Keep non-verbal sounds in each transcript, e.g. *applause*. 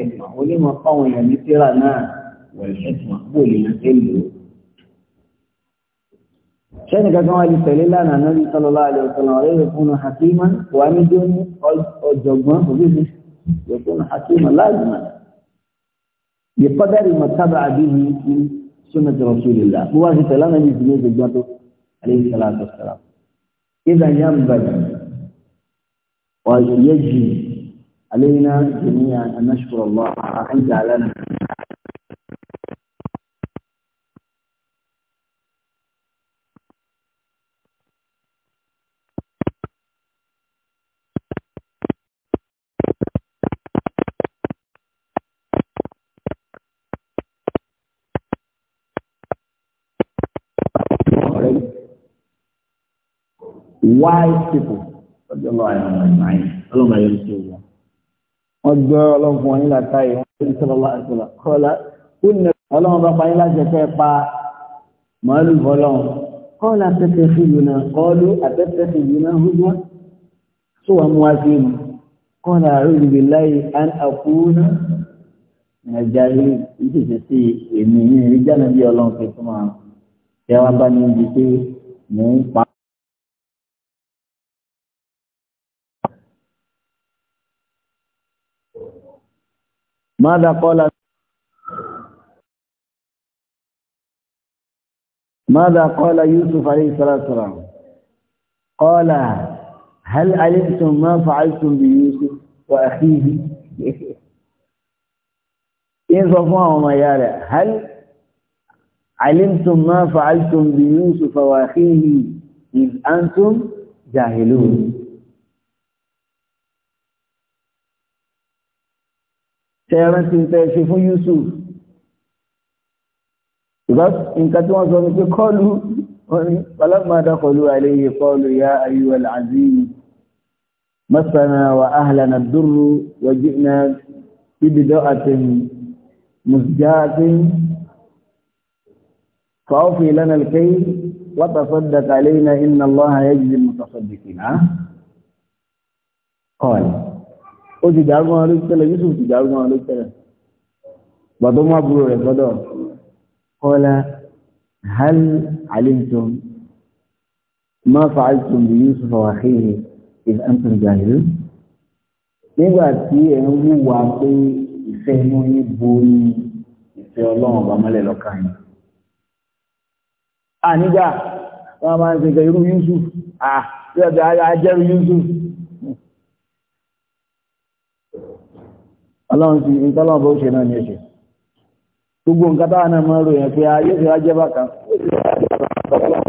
ẹ̀sìn onímọ̀ fáwọn èèyàn ní tíra náà wẹ̀lẹ̀ ẹ̀sìn àpò èèyàn ṣe lò ó. sẹ́ni kankan wá di tẹ̀lé lánàá Nabi sallallahu alaihi wasallam ọ̀rẹ́ rẹ̀ fún un hakima wà ní bí ó ní ọ̀jọ̀gbọ́n òbíbi rẹ̀ fún un hakima láàbùmá. ìpọ́dárì mọ̀tábà àbíyí ní sunnah rasulillah bó wá ti tẹ̀lé lánàá ní ìdílé ìgbà tó alaihi إذا ينبغي ويجب علينا جميعا أن نشكر الله أن جعلنا wise people. Ọjọ́ lọ́wọ́ àwọn ọmọ ìmáyé, ọlọ́mọ ayé ló ṣe wọ́n. wọ́n gbọ́ ọlọ́gbọ̀n yín láta yìí wọ́n ti sọ̀rọ̀ wá ìṣọ̀lá kọ́lá ó nà ọlọ́run bá payín láti ẹ̀kẹ́ pa màálù ọlọ́run kọ́lá tẹ́tẹ́ sí ìlú náà kọ́lú àtẹ́tẹ́ sí ìlú náà húgbọ́ tó wà mú wá sí ìlú kọ́lá àrùn ìbí láyé án àkúrú nàìjà yìí ìṣèṣe sí èmi ní ìrìjà bí ọlọ́run fi tó máa tẹ́wá bá ní ibi pé mò ń pa ماذا قال ماذا قال يوسف عليه الصلاة والسلام قال هل علمتم ما فعلتم بيوسف وأخيه *laughs* إن ما يا هل علمتم ما فعلتم بيوسف وأخيه إذ أنتم جاهلون tẹ́ẹ̀rán ti tẹ́ ṣe fún Yusuf nǹkan tí wọ́n sọ ní pé kọlu ọlọ́mọdá kọlu àìlèyè kọlu ya ayyuhal azim masana wa ahlana dúró wa ji'na bíbidọ́ àti musjatin fa'ofi lana alkai wata saddaka alaina inna allaha yajzi mutasaddiqina qala ó ti dàrú wọn lójú tẹ́lẹ̀ Yusuf ti dàrú wọn lójú tẹ́lẹ̀ gbàtọ́ mú àbúrò rẹ̀ gbọ́dọ̀ kọ́lá hal alimtum ma fa'altum bi Yusuf wa akhihi if antum jahilun nígbà tí ẹ̀ ń wúwa pé ìfẹ́ inú yín borí ìfẹ́ ọlọ́run ọba mọ́lẹ̀ lọ́kàn yín à nígbà wọn máa ń ṣe irú Yusuf à yóò dé ajẹ́rú Yusuf. ọlọ́run ti ìtọ́lọ́run bó ṣe náà ní ẹ̀ṣẹ̀ gbogbo nǹkan táwọn náà máa ń ròyìn pé ayé ti wá bákan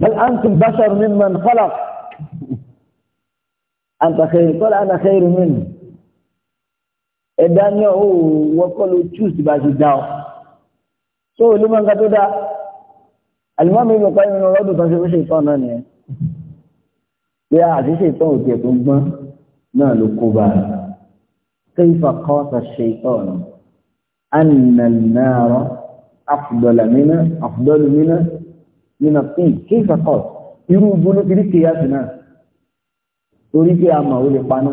بل أنتم بشر ممن خلق أنت خير قال أنا خير منه إداني هو وقالوا تشوز باشي داو سو لمن قد دا المهم يبقى قائم من الأرض تنسيب شيطان أنا يا عزيز شيطان وتيكم ما نالو كوبا كيف قاس الشيطان أن النار أفضل من أفضل من nínú pí kéèkà kọ́ irú gbóná ti rí kéyàsì náà torí pé a mọ̀ ó lè paná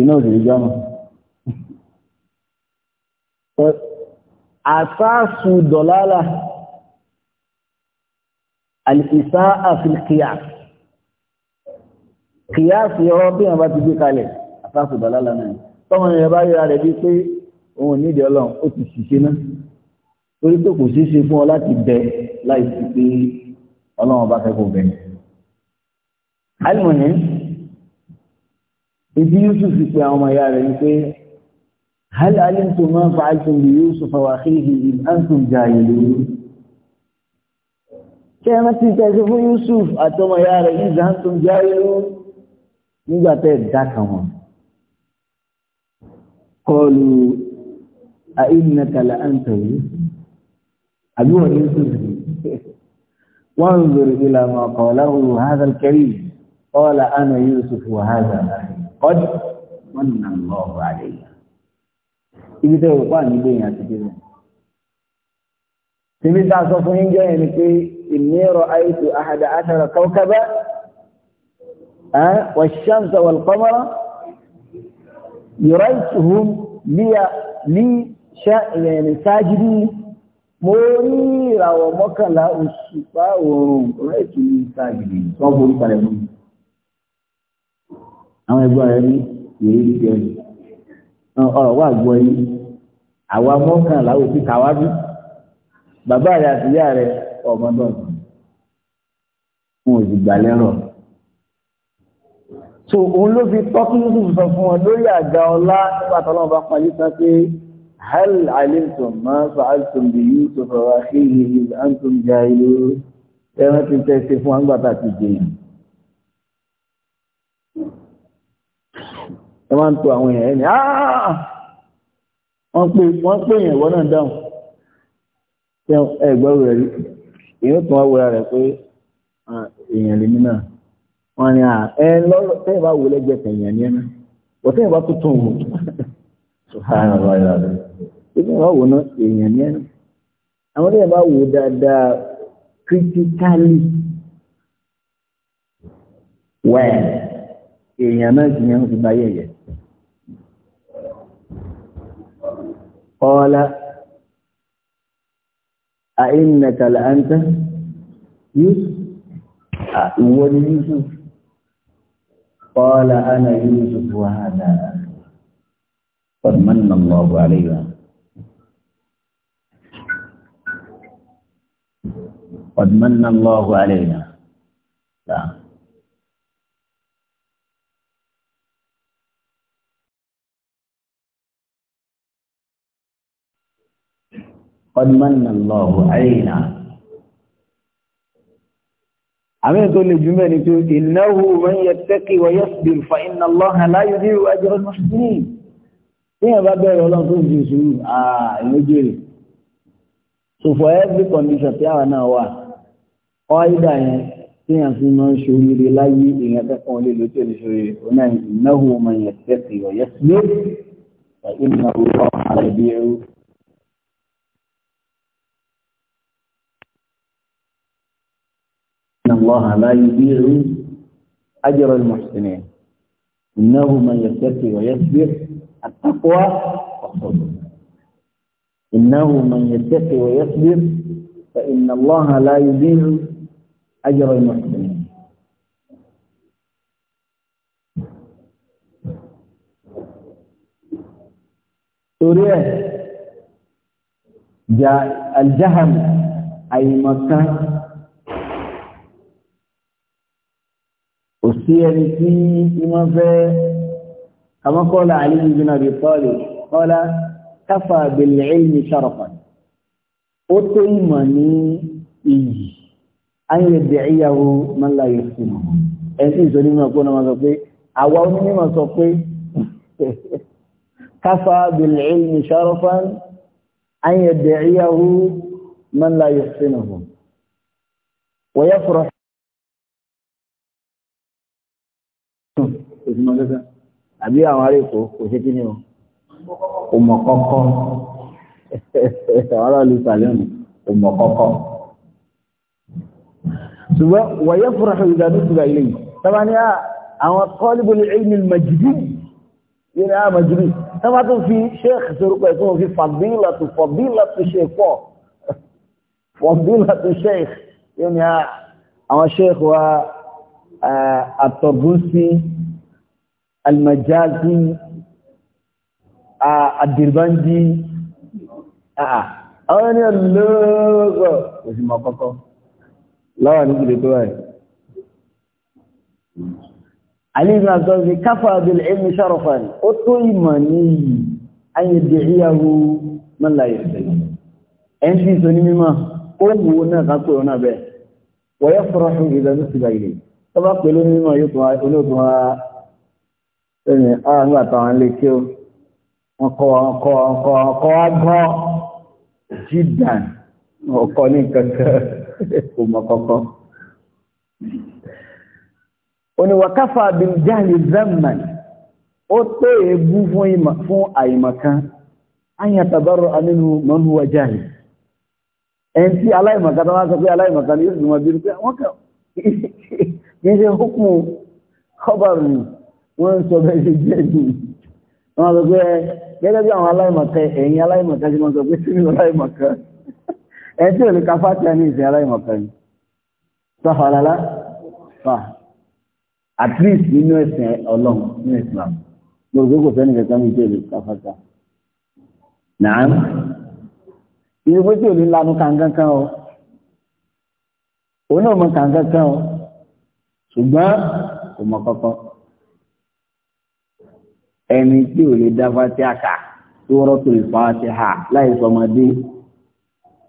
iná òsèré jọ́mọ̀ àsáàsù dọ̀lálà àlìkìsá àfilkìyà kìyàsì ọ̀rọ̀ bí wọn bá ti gbé kalẹ̀ àsáàsù dọ̀lálà náà tọ́mọ yẹn bá yẹra rẹ̀ bíi pé òun ò nídìí ọlọ́run ó ti ṣiṣẹ́ náà torí pé kò ṣeé ṣe fún ọ láti bẹ láì sí pé ọlọ́run bá fẹ́ kó bẹ. àìmọ̀yẹ́ ibi yusuf pe àwọn ọmọ ìyá rẹ̀ ni pé hal alimtum ma fa'altum bi yusuf wa akhihi in antum jahilun. ṣé ẹ rántí tẹ̀sí fún yusuf àtọmọ ìyá rẹ̀ in antum jahilun nígbà tẹ́ ẹ̀ dá kan wọn. qalu a innaka la anta yusuf àbí wọ́n ní sùn wọ́n ń zòrò ilà máa kọ̀ láwùrù hàzà kẹrì kọ́lá àná Yusuf wà hàzà kọ́dí wọ́n nà lọ́ọ̀rọ̀ àlẹ́yà ibi tẹ́ òkú àníbẹ̀ yẹn àti bíbẹ̀. Tìbí ta sọ fún yíjọ́ yẹn ni pé ìmírọ̀ àìsù àhàdà àtàrà kọ́kọ́bá والشمس والقمر يريتهم لي شا... يعني ساجدين mo rí ìràwọ̀ mọ́kànlá òṣùpá oòrùn rẹ́ẹ̀kì ní ìtàgìrì tó ń borí kalẹ̀ mú. àwọn ẹgbẹ́ rẹ̀ ní ìrírí ti jẹ́ ọ̀rọ̀ wà gbọ́ yìí àwa mọ́kànlá òsì kàwájú bàbá rẹ̀ àti ìyá rẹ̀ ọmọ náà wọn ò sì gbà lẹ́rọ̀. so òun ló fi tọ́kí yusuf sọ fún wọn lórí àga ọlá nígbà tó lọ́wọ́ bá parí sá pé هل علمتم ما فعلتم بيوسف واخيه اذ انتم جاهلون كما تنتسفون عن بطاقه الدين ẹmọ ń tó àwọn èèyàn ẹni àà wọ́n pè wọ́n pè yẹn wọ́n náà dáhùn tí ẹgbẹ́ rẹ̀ rí èyàn tó wọ́n wọ́ra rẹ̀ pé èèyàn lèmi náà wọ́n ni à ẹ lọ́rọ̀ tẹ́yìn bá wọlé gbẹ̀tẹ̀ èèyàn ní ẹ̀mẹ́ wọ́n tẹ́yìn bá tuntun wò. *laughs* ìgbà wà wò náà èèyàn ní ẹnu àwọn èèyàn bá wò dáadáa critically well èèyàn náà sì ní ẹnu ti bá yẹ̀yẹ̀. قال أئنك لأنت يوسف أول يوسف قال أنا يوسف وهذا قد من الله عليه قد من الله علينا لا قد من الله علينا àmì tó lè jùmẹ́ ni tó ìnáwó man yattaqi wa yasbir fa inna Allaha la yudhi'u ajra al-muhsinin tí yẹn bá bẹ̀rẹ̀ ọlọ́run tó ń fi sùúrù àà ìlú jèrè so for every condition tí àwọn náà wà Ọ́ídà yẹn tí yẹn fi máa ń ṣoríire láyé èèyàn tẹ́kọ̀ọ́ lè ló tẹ̀lé ṣoríire ọ̀nà ìnáwó ọmọ yẹn tẹ́sí ọ̀yẹ́ sílé ìnáwó ọ̀hún àbí ẹrú. إن الله لا يضيع أجر المحسنين إنه من يتقي ويصبر التقوى والصبر إنه من يتقي ويصبر فإن الله لا يضيع أجر المحسنين سوريا جاء الجهم أي مكان أسير في إمام كما قال علي بن أبي طالب قال كفى بالعلم شرفا أتيمني إيه ayé lè dẹ̀ ìyàwó mọ́lá yóò sí mọ́ ẹ̀sìn ìsọ̀nímọ̀ pé wọ́n sọ pé àwa onímọ̀ sọ pé káfà bìlẹ̀ ìlú sharafan ayé dẹ̀ ìyàwó mọ́lá yóò sí àbí àwọn ará èkó kò ṣe kí ni o kò kọ́kọ́ *laughs* àwọn kọ́kọ́ ṣùgbọ́n wọ̀yẹ́ fúnraṣọ ìdánútura ilé yìí tọ́ba ní ah, àwọn kọ́líbùlì ilmi majidi yìí á ah, majidi tọ́ba tó fi sheikh sorúkọ ẹ̀ tó fi fadilatu fadilatu ah, àwọn ènìyàn lóòrò òsì mọ̀ láwọn ní ìdè tó báyìí. Ali ibn Abdul ni káfà bil ilmi sharafan ó tó ìmọ̀ ní yìí an yad'iyahu man la yadri. Ẹn tí sọ ní mímọ̀ ó wù ó náà kápẹ́ òun náà bẹ́ẹ̀. Wa yafrahu idha nusba ilayhi. Tọ́ba pẹ̀lú mímọ̀ yóò tún wá olóòtú wá ẹni àwọn ah, àgbà táwọn lè kí ọkọ̀ ọkọ̀ ọkọ̀ ọkọ̀ ọgbọ́n jídàn ọkọ̀ ní kankan kò mọ̀ kọ́kọ́. oníwàkáfà bíjáàlì zaman ó tó èébú fún àìmọ̀kan ányà tàbárò anínú mọ́núwà jáàlì ẹni tí aláìmọ̀kan tó wá sọ pé aláìmọ̀kan ni yóò sì mọ̀ bí rú pé wọ́n kà *laughs* kìí ṣe hókùn kọ́bàrù wọ́n ń sọ bẹ́ẹ̀ ṣe jẹ́ jù wọ́n sọ pé gẹ́gẹ́ bí àwọn aláìmọ̀kan ẹ̀yìn aláìmọ̀kan ṣe mọ́ sọ pé *laughs* sínú aláìmọ̀kan ẹtí ò lè ka fátíà ní ìsìn aláìmọ̀kan ni sọ́fà lálá fà at least nínú ẹ̀sìn ọlọ́run ní Islam gbogbo kò sẹ́ni kankan ní ìjọ lè ka fátíà náà irú pé tí ò ní lanu kankankan o òun náà mọ kankankan o ṣùgbọ́n kò mọ kọ́kọ́ ẹni tí ò lè dá fátíà kà tó rọ́pò ìfọ́ àti hà láì sọmọdé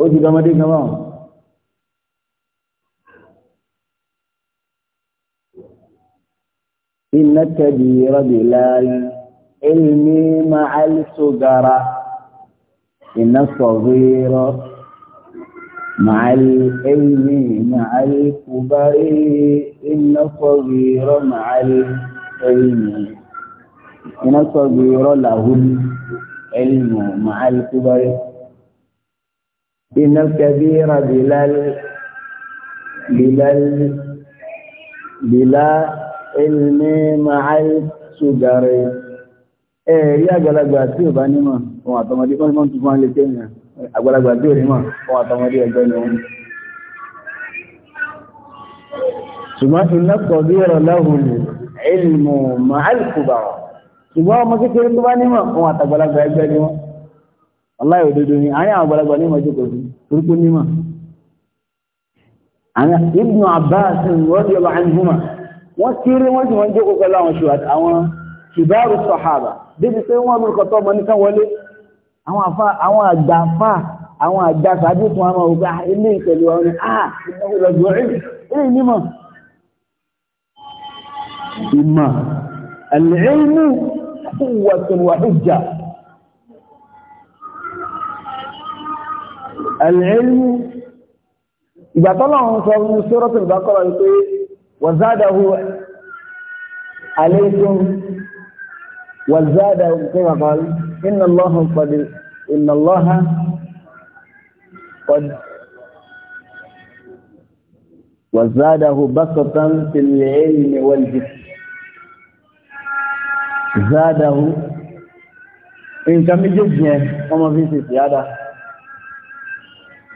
ó ti dọmọdé gan báwọn. iná kẹ́bi rọ́bì láàyè ilmi ma'al sugara iná sọ̀rọ̀ ma'al ilmi ma'al kubari iná sọ̀rọ̀ ma'al ilmi iná sọ̀rọ̀ làhùn ilmi ma'al kubari. إن الكبير بلا بلا بلا علم مع السجر ẹ̀rí àgbàlagbà tí ò bá nímọ̀ ohun àtọmọdé kan mọ́ tún máa lè tẹ́ ìyàn àgbàlagbà tí ò nímọ̀ ohun àtọmọdé ẹgbẹ́ ni wọ́n ṣùgbọ́n iná kọ̀bí ọ̀rọ̀ láhùn ilmù máa kùbà ṣùgbọ́n ọmọ kékeré tó bá nímọ̀ ohun àtàgbàlagbà ẹgbẹ́ ni wọ́n Wallahi òdodo ni àárín àwọn àgbàlagbà ní ìmọ̀jú kò sí torípó nímọ̀ àwọn Ibn Abbas radiyallahu anhuma wọ́n kéré wọ́n sì wọ́n jókòó pẹ̀lú àwọn ṣùgbọ́n àwọn kibaru sahaba débi pé wọ́n lórúkọ tó ọmọ nìkan wọlé àwọn àfa àwọn àgbà àfa àwọn àgbà sàbí fún àwọn ọgbà ah, ilé ìpẹ̀lú àwọn ni ah ìnáwó العلم إذا طلعهم في سورة البقرة يقول وزاده عليكم وزاده كما قال إن الله قد إن الله قد وزاده بسطا في العلم والجسم زاده إن كم يجزيه وما في زيادة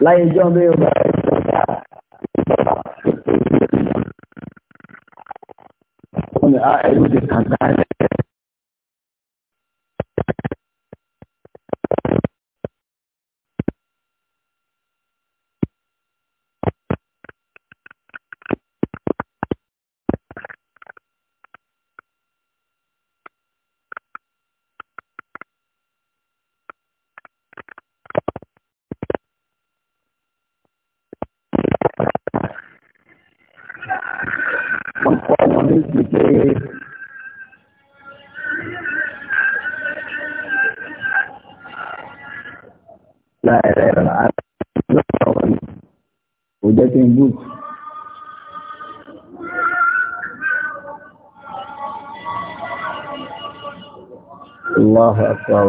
láyé jọ́ bí ó bá ìjọba ìjọba ìjọba ìjọba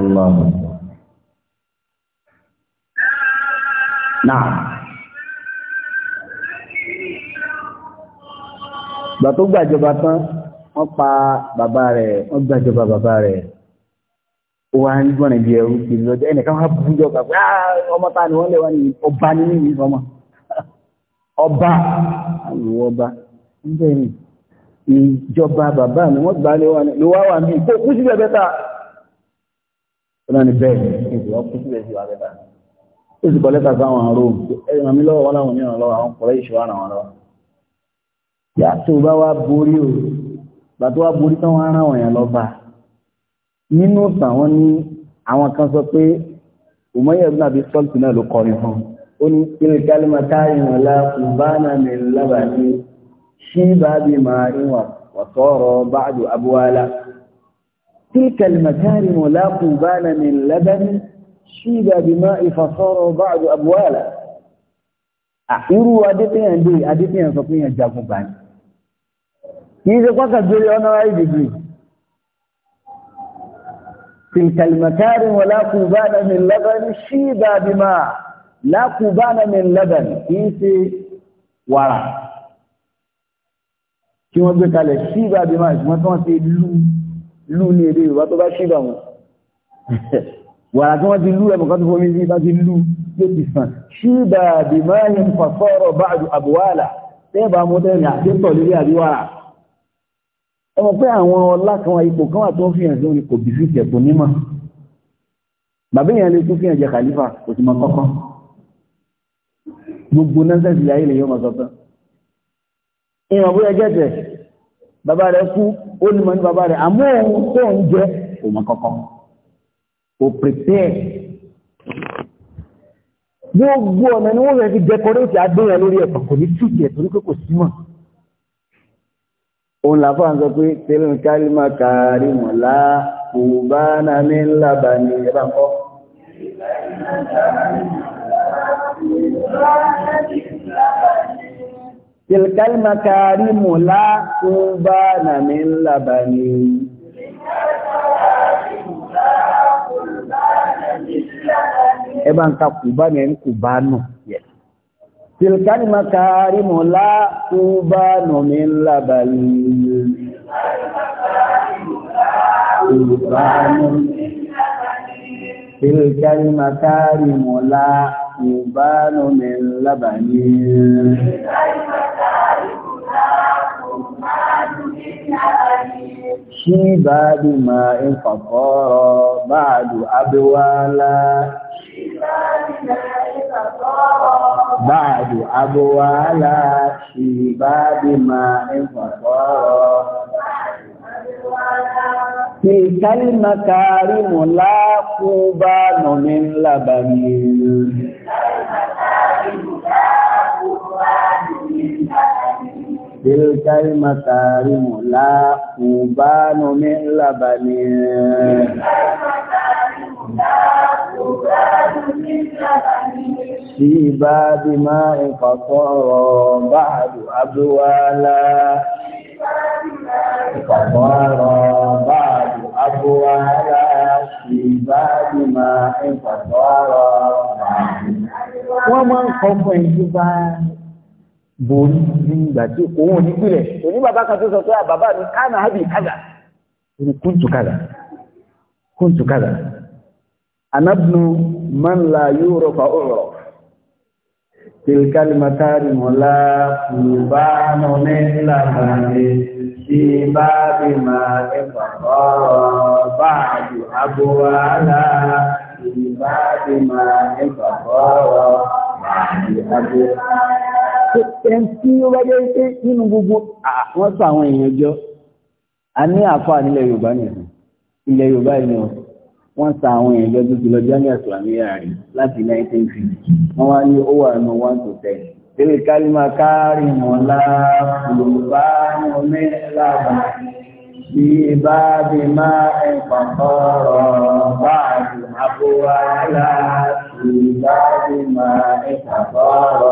الله نعم gbàjọba tán wọn pa bàbá rẹ wọ́n gbàjọba bàbá rẹ̀ ó wá ń gbọ́nà ẹrú kiri lọ́jọ́ ẹnìkan kà pé ah, ọmọ ta ni wọ́n lè ní ọba *laughs* ọba àlùwọ́ ọba ń bẹ̀rẹ̀ ìjọba bàbá mi wọ́n gbà wà ní wà ní sí náà ni bẹ́ẹ̀ ìgbè ọkùn sílẹ̀ sí wàá bẹ́ẹ̀ ó sì kọ́ lẹ́tà sáwọn àrùn ẹ̀rọ mi lọ́wọ́ wọn láwọn oníran lọ́wọ́ àwọn kọ̀ọ̀rọ̀ ìṣòro àràn wọn lọ́wọ́ yà tó bá wá borí o gbà tó wá borí táwọn ará wọn yẹn lọ bá nínú sàwọn ní àwọn kan sọ pé òmọyẹ bí nàbí sọlùtì náà ló kọrin fún ó ní ilé kálímà táyìn ń wà تلك المكارم لا قبال من لبن شيدا بماء فصار بعض أبوالا أحيرو أدتني عندي أدتني أصطني أجابوا بان إذا قلت الجري أنا أعيد بي تلك المكارم لا قبال من لبن شيدا بماء لا قبال من لبن إيسي ورا كما بيقال الشيبا بماء كما تقول lú ní èdè Yorùbá tó bá ṣíbà wọn wàrà tí wọ́n ti lú ẹmọ̀ kan tó fún mi sí bá ti lú yóò ti sàn ṣíbà bí máa ń fàfọ́rọ̀ bá àbúwàlà tẹ́ẹ̀bà mọ́tẹ́rìn àtẹ́tọ̀ lórí àríwára ẹmọ̀ pé àwọn ọlá kan ipò kan wà tó ń bàbá rẹ̀ kú ó ní mọ̀ ní bàbá rẹ̀ àmọ́ ohun tó ń jẹ́ òun kọ́kọ́ ò prepare gbogbo ọ̀nà ni wọ́n rẹ̀ fi decorate agbóyàn lórí ẹ̀kọ́ kò ní tìkì ẹ̀ torí pé kò sí mọ̀ òun làfà ń sọ pé tẹ́lẹ̀ ń kárí máa kàárí mọ̀ kò bá náà ní ńlá bá ní ẹ kọ́. Tilkal makarimu la tuba na min labani. Ẹ bá ń ka kùbá ní ẹni kùbá nù. Tilkal makarimu la tuba na min labani. Tilkal makarimu la tuba ركبان من لبن في بعد ماء فطار بعد أبوالا بعد أبوالا في بعد ماء فطار Tìkàl makari mù láàkú bá nà mí lábàmí. Tìkàl makari mù láàkú bá nà mí lábàmí. Sí bá bí máa ń fàtọ́rọ̀ bá àdù abúwálá. فصار بعد أبواب شباب ما فصار wọ́n máa ń kọ́ fún ẹni tó bá borí nígbà tí òun ò ní pìlẹ̀ òní bàbá kan tó sọ pé bàbá mi kánà ábì kádà òní kúntù kádà kúntù kádà anábìnú man la yóò rọ̀ fa ọ̀rọ̀ mọ́lá yorùbá náà ní ìlànà في باب ما انفطر بعد أبوالا في باب ما انفطر بعد أبوالا Ẹnití ó bá jẹ́ pé nínú gbogbo àwọn sọ àwọn èèyàn jọ, a ní àfáà nílẹ̀ Yorùbá nìyẹn, ilẹ̀ Yorùbá ìyẹn wọ́n sa àwọn èèyàn jọ tó ti lọ Jamiu Islamiyya rí láti 1950, wọ́n wá ní ó wà nù 1 to 10. تلك المكارم لا يبان مثلها في باب ماء فطار بعد أبوالا في باب ماء فطار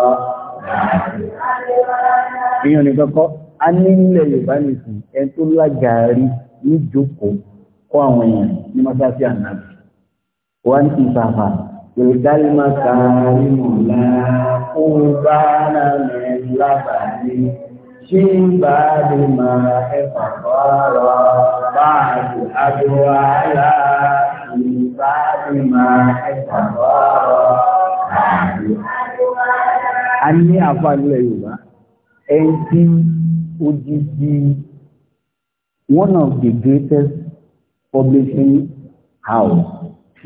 ìyọ̀nì kọ́kọ́ a ní ilẹ̀ yorùbá nìkan ẹni tó lágàárí níjókòó kọ́ àwọn èèyàn ní mọ́sáàsì ànábì wọ́n ti fàfà Ìdálí máa kàrà nínú láàkún bá náà mẹ́rin lábàáyé, ṣí ń bá lè máa ẹ̀fà fọ́rọ̀ bá àjò àjò àyà, ìbá lè máa ẹ̀fà fọ́rọ̀ àjò àjò àyà. A ní àfàlẹ̀ Yorùbá, ẹni tí ó jí one of the greatest publishing house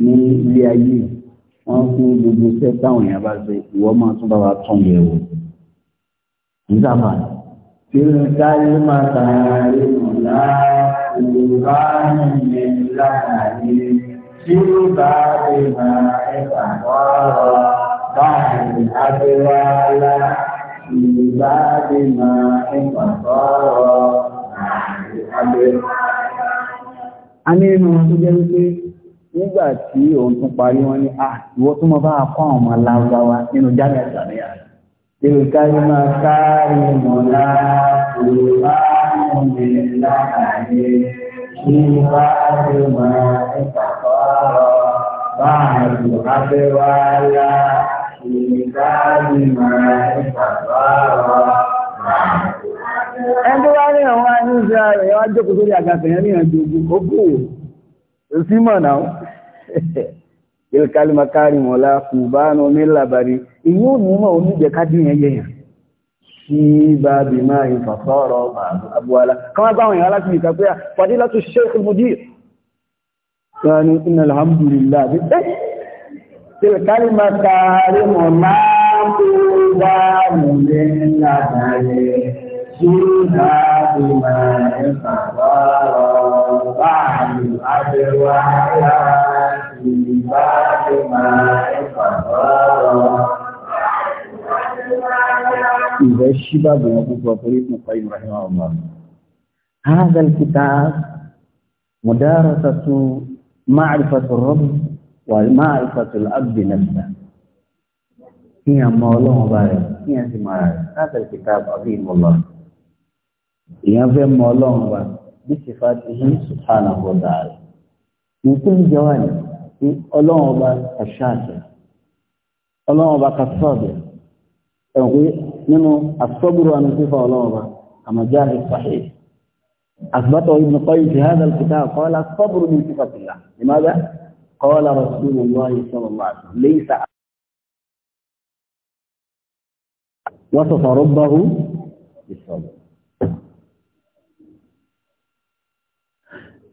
ní ilé ayé yìí wọ́n fún gbogbo iṣẹ́ táwọn èèyàn bá ṣe ìwọ máa tún bá tún yẹ̀ wò yìí sábà. tí n sáré máa tààrí mọ̀lá ìlúbá nìyẹn láàyè tí ó bá lè máa ẹ̀fà lọ́rọ̀ báyìí abẹ́wálá ìlúbá lè máa ẹ̀fà lọ́rọ̀ báyìí abẹ́wálá. a ní inú tó jẹ́ wípé nígbà tí òun tún parí wọn ní ah ìwọ tún mọ bá a kọ́ àwọn ọmọ lárúbáwá nínú jáde àtàlẹ́yà èrò kárí máa kárí mọ̀lá òru bá mọ̀ mi láàyè kí bá lè máa ń pàpọ̀ bá àlù abẹ́wálá kí bá lè máa ń pàpọ̀ ẹni tó bá ní àwọn àyíṣẹ́ rẹ̀ wá jókòó sórí àgàfẹ̀yẹ́ ní ìrìnàjò ogun ó kúrò sí mọ̀nà ilkali makari mọ̀lá kùbánu ní labari ìyún mímọ̀ oníjẹkádì yẹn yẹn sí bá bí máa ń fàfọ́rọ̀ abúwálá kọwàá báwọn èèyàn láti ìta pé pàdé látú sheikh mudir sani alhamdulillah ilkali makari mọ̀lá kùbánu ní labari sí bá بما انتصر بعد أدواها في بعد ما انتصر إذا الشباب يقول طريق مقيم رحمه الله هذا الكتاب مدارسة معرفة الرب ومعرفة الأب نفسه هي مولانا بارك هي سمارة هذا الكتاب عظيم والله èèyàn fẹ́ mọ ọlọ́run wa bí sèfà ti hí sùhánà bọ̀dà rẹ̀ nǹkan ń jẹ́ wà ní pé ọlọ́run ọba kàṣáàṣẹ̀ ọlọ́run ọba kàṣọ́ọ̀bẹ̀ ẹ̀wọ̀n pé nínú àsọ́gbùrù àmì sífà ọlọ́run ọba àmọ̀já rẹ̀ sàhẹ́ àgbàtọ̀ ibùn kọ́yì ti hádà kìtà kọ́lá sọ́gbùrù ní sífà tìlà ìmáda kọ́lá rasúlù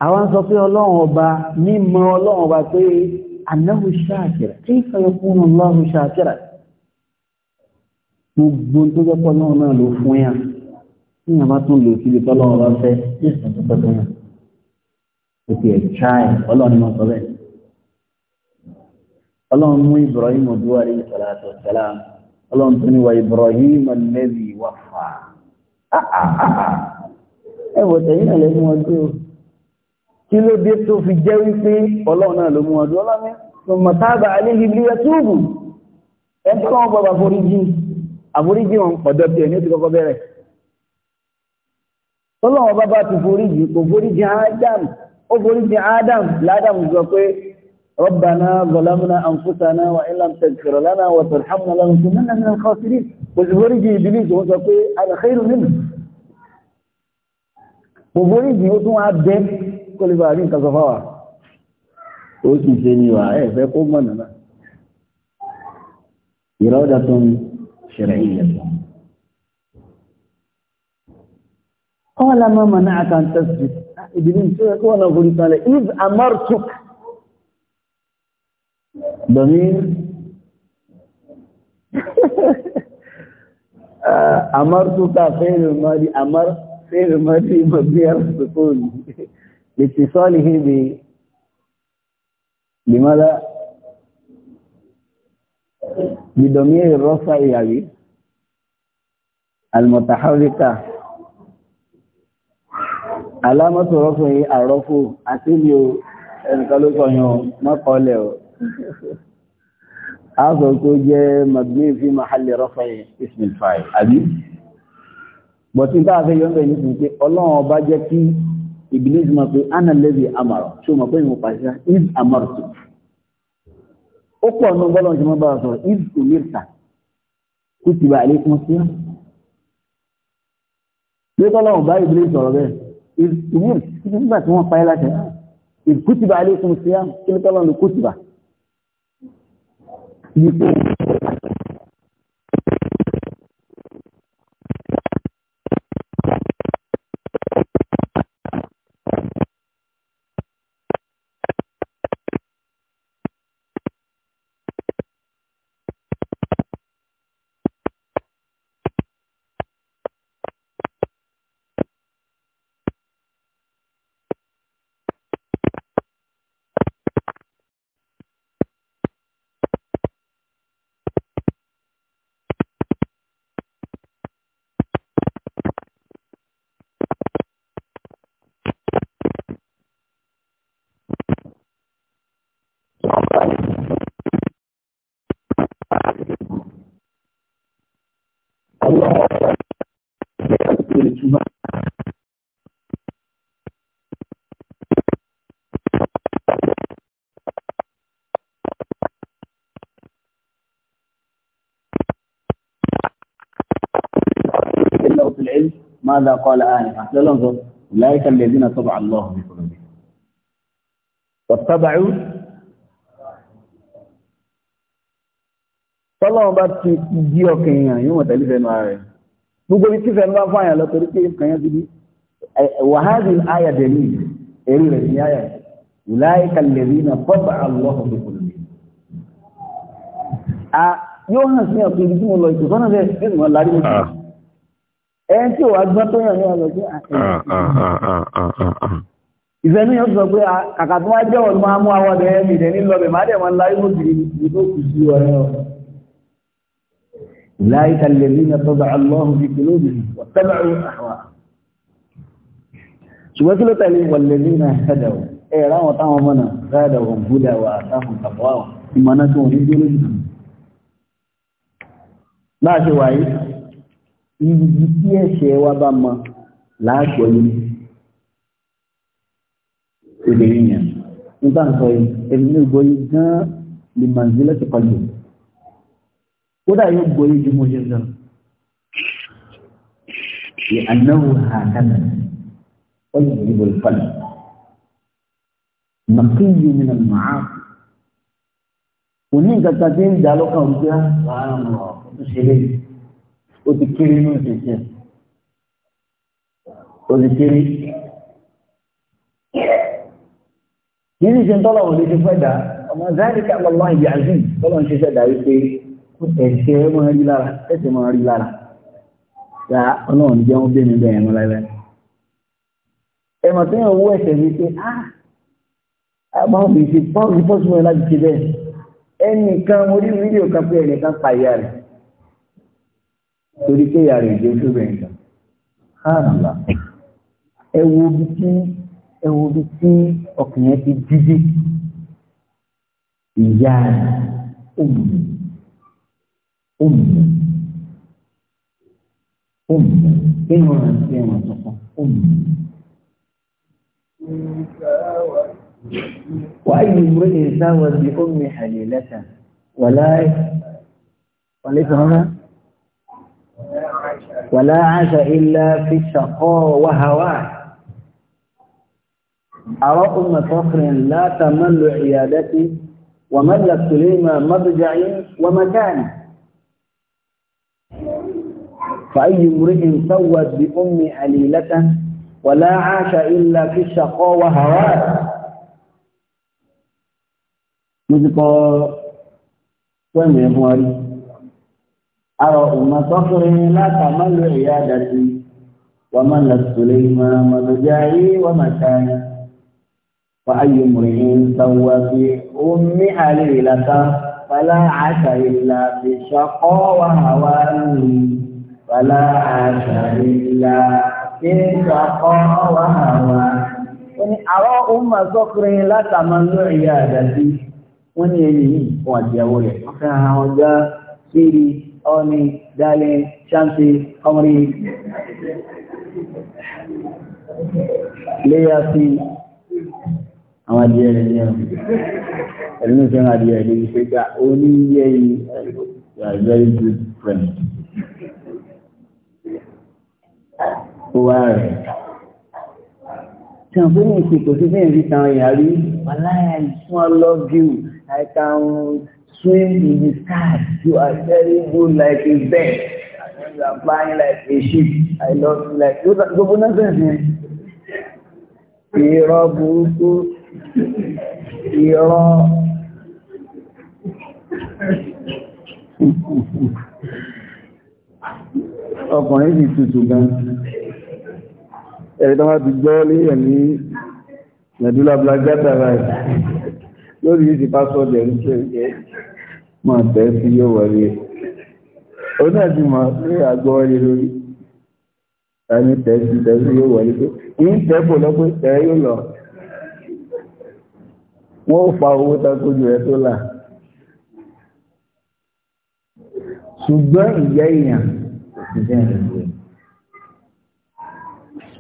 àwọn sọ pé ọlọ́run ọba mímọ̀ ọlọ́run ọba pé anáwó ṣáàkìrà tí ìfẹ́yẹ fún ọlọ́run ṣáàkìrà gbogbo tó jẹ́ pọ̀ náà náà ló fún yà ní àbá tún lò sí ibi tọ́lọ́run ọba fẹ́ yíṣàn tó pẹ́ tó yàn ó ah, ah, ah, tẹ̀yìn àlẹ́ mú ọdún kí ló dé tó fi jẹ́ wípé ọlọ́run náà ló mú ọdún ọlọ́mí ọmọ tábà aléhì bí ẹtúùbù ẹgbẹ́ wọn bọ̀bà foríjì àforíjì wọn ọ̀dọ̀ tí ẹni ó ti kọ́kọ́ bẹ̀rẹ̀ ربنا ظلمنا أنفسنا وإن لم تغفر لنا وترحمنا لنكونن من الخاسرين وزورجي إبليس هو sọ pé أنا خير منه وزورجي هو tún wá bẹ́ẹ̀ kọ́lébà ní nǹkan sọ fáwà ó sì ṣe ní wà ẹ̀ fẹ́ kó mọ̀nà náà ìrọ́dà tó ń ṣẹlẹ̀ ìyẹ̀ tó. Kọ́lá máa mọ̀ náà kan tó yẹ kó wọn náà *laughs* fẹ́rẹ̀ mari amar fẹ́rẹ̀ mari mabiyar لاتصاله ب لماذا بضمير الرفع يعني المتحركة علامة رفعه الرفع أتيليو ẹnìkan ló sọ yàn mọ́kànlẹ̀ ọ̀ a sọ kó jẹ́ mabni fi mahalli rafa'i ismil fa'il àbí bọ̀tí bá fẹ́ yọ́nbẹ̀ ní ṣe ọlọ́run ọba jẹ́ kí Iblis mọ̀ pé ana lẹ́bi amara tí ó mọ̀ pé ìwọ̀n pàṣẹ if amara tó. Ó pọ̀ nù bọ́lá ọ̀sẹ̀ mọ́ bá wa sọ̀rọ̀ if omirta kú ti bá àlẹ́ kún sí. Bí kọ́lá wọn bá Iblis sọ̀rọ̀ bẹ́ẹ̀, ìwọ̀n títí nígbà tí wọ́n pa ẹ́ láti ìkú ti bá àlẹ́ kún sí kí ni kọ́lá wọn kú ti bá. Yípo túbà. ماذا قال آنفا للنظر أولئك الذين طبع الله بقلوبهم واتبعوا tọ́lọ́wọ́n bá ti di يوم èèyàn yóò gbogbo ibi tífẹ̀ ń bá fún àyàn lọ torí pé nǹkan yẹn ti di wàhálì àyà dẹ̀lí èrè rẹ̀ ní àyà wùláyé kàlẹ́rì náà fọ́bà àlọ́hùn tó kùnú. a yóò hàn sí ọ̀pọ̀ ibi tí mo lọ ìtòsọ́nà rẹ̀ ṣé mo lárí mi. Ah. ẹni tí ò wá gbọ́n tó yàn ní ọ̀rọ̀ sí àtẹ̀yìn. ìfẹ́ mi yóò sọ pé ah, kàkà tó wá jẹ́ ọ̀dùn máa mú àwọn ọ̀dẹ̀ ẹ̀mí ìdẹ̀ أولئك الذين طبع الله في قلوبهم واتبعوا أهواءهم ṣùgbọ́n kí ló tẹ̀lé wọ̀lẹ̀lẹ́ náà ṣẹ́dẹ̀wò ẹ̀rọ àwọn táwọn ọmọ náà ṣẹ́dẹ̀wò búdẹ̀wò àtàwọn tàbọ̀wò ìmọ̀nà tí wọ́n ní dúró jù náà ṣe wáyé ibi tí ẹ̀ṣẹ̀ wa bá mọ láàpọ̀ yìí obìnrin yẹn nígbà ń sọ yìí ẹ̀mí ní ìgbóyè gan-an lè màzílẹ̀ ti kọjú kódà yóò gbóyè ju mo ṣe sọ. ṣe anáwó ha kánà ó yẹ kí bọ̀ ìfọ̀lẹ̀. màkì yìí ni màá kò ní nǹkan kan tí ń dá lọ́kàn pé ah, wàá mọ̀ ọ́ tó ṣe lé o ti kéré ní ìṣẹ̀ṣẹ̀ o ti kéré. kì í ṣe ń tọ́lọ̀ wọlé ti fẹ́ dà ọmọ zálíkà lọ́lọ́ ìyá azeem tọ́lọ̀ ń ṣiṣẹ́ dà wípé ẹ̀ṣẹ̀ máa rí lára ẹ̀ṣẹ̀ máa rí lára ya ọlọ́run jẹ́ wọ́n bẹ́ẹ̀ níbẹ̀ ẹ̀mọ́ láìláì ẹ mọ̀ sẹ́yìn owó ẹ̀ṣẹ̀ mi pé á ah, máa fi ṣe pọ́ọ̀lù pọ́ọ̀lù mọ́ láti ṣe bẹ́ẹ̀ ẹnìkan mo rí fídíò kan pé ẹnìkan pa ìyá rẹ̀ torí pé ìyá rẹ̀ jẹ́ ojúbẹ̀rẹ̀ kan hàràlà ẹ wo ibi tí ẹ wo ibi tí ọkùnrin ti dídí ìyá obìnrin. أم أم كيف كيف تقول أم وأي امرئ ساوت بأم حليلة ولا وليس هنا ولا عاش إلا في الشقاء وهواه أرى أم فخر لا تمل عيادتي وملت سليمة مضجعي ومكاني فأي امرئ سوت بأمي عليلة ولا عاش إلا في الشقاء وهوات مذكر وين يفواري أرى أم صفر لا تمل عيادتي وملت سليمان مضجعي ومكاني فأي امرئ سوى بأمي عليلة فلا عاش إلا في الشقاء وهوان فلا عاش إلا تلك وهوى wọ́n ní àwọn ọmọ sọ́kùnrin látàmánú ìyá àdàbí wọ́n ní ẹni yìí wọ́n àjẹwò rẹ̀ wọ́n fẹ́ ara wọn já síri ọ́ni dalẹ̀ ṣáǹtì ọmọrí léyà sí àwọn adìẹ rẹ̀ ní ọ̀hún ẹ̀rọ ní ìfẹ́ adìẹ rẹ̀ ní ìfẹ́ ó ní yẹ́ yìí you very good friend ó wá rẹ̀. Tí wọ́n fún mi ṣe kò sí fẹ́ẹ̀ rí táwọn èèyàn rí, wàláyà ìsún I love you, I can swim in the sky, you are very good like a bird, you are flying like a ship, I love you like, gbogbo náà sẹ́ǹsì yẹn. Irọ́ burúkú, irọ́. Thank *laughs* ọkùnrin sì tutù gan ẹ̀rí tó wá ti gbọ́ léyẹ̀ ní mẹ̀dúlà blagata ráì lórí ìsì pásọ̀dẹ̀ ń pè é máa tẹ́ sí yóò wọlé ó náà ti mọ̀ pé àgbọ̀ wọlé lórí ẹni tẹ́ sí tẹ́ sí yóò wọlé pé kì í tẹ́ bò lọ́pẹ́ tẹ́ yóò lọ wọ́n ó fa owó takójú rẹ̀ tó là ṣùgbọ́n ìyá èèyàn ṣiṣẹ́ ìrìnàjò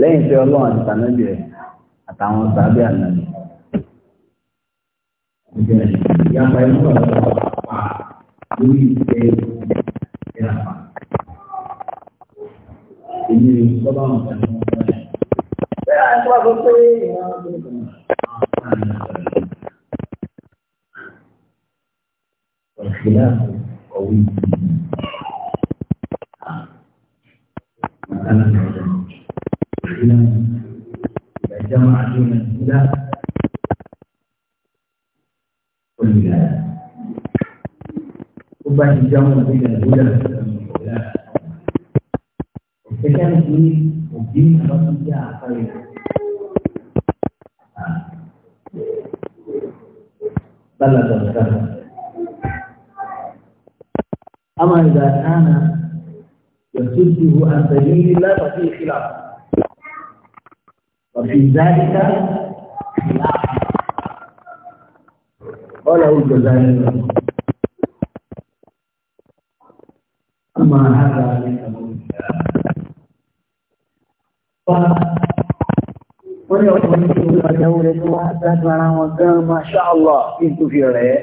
lẹ́yìn tí ọlọ́run àti tànàbí ẹ̀ àtàwọn sàbí ànàbí ìyàpá inú ọ̀rọ̀ pa lórí ìfẹ́ ìyàpá èyí ni sọ́bà wọn tẹ̀lé wọn bẹ́ẹ̀. bẹ́ẹ̀ ni wọ́n sọ pé ìwọ̀n tó ń bọ̀. والخلاف قوي تعالى إلى جمع بين الهدى والولاية وبعد الجمع بين الهدى والولاية وكان الدين والدين الرسول جاء خيرا بلغ يضله عن سبيل الله ففيه خلاف وفي ذلك خلاف قاله الجزائري أما هذا من wọ́n yóò tó ní kí ó lọ́jọ́ orí tó wá dájú ara wọn gan ma ṣá Allah kí n tó fi rẹ̀ ẹ́.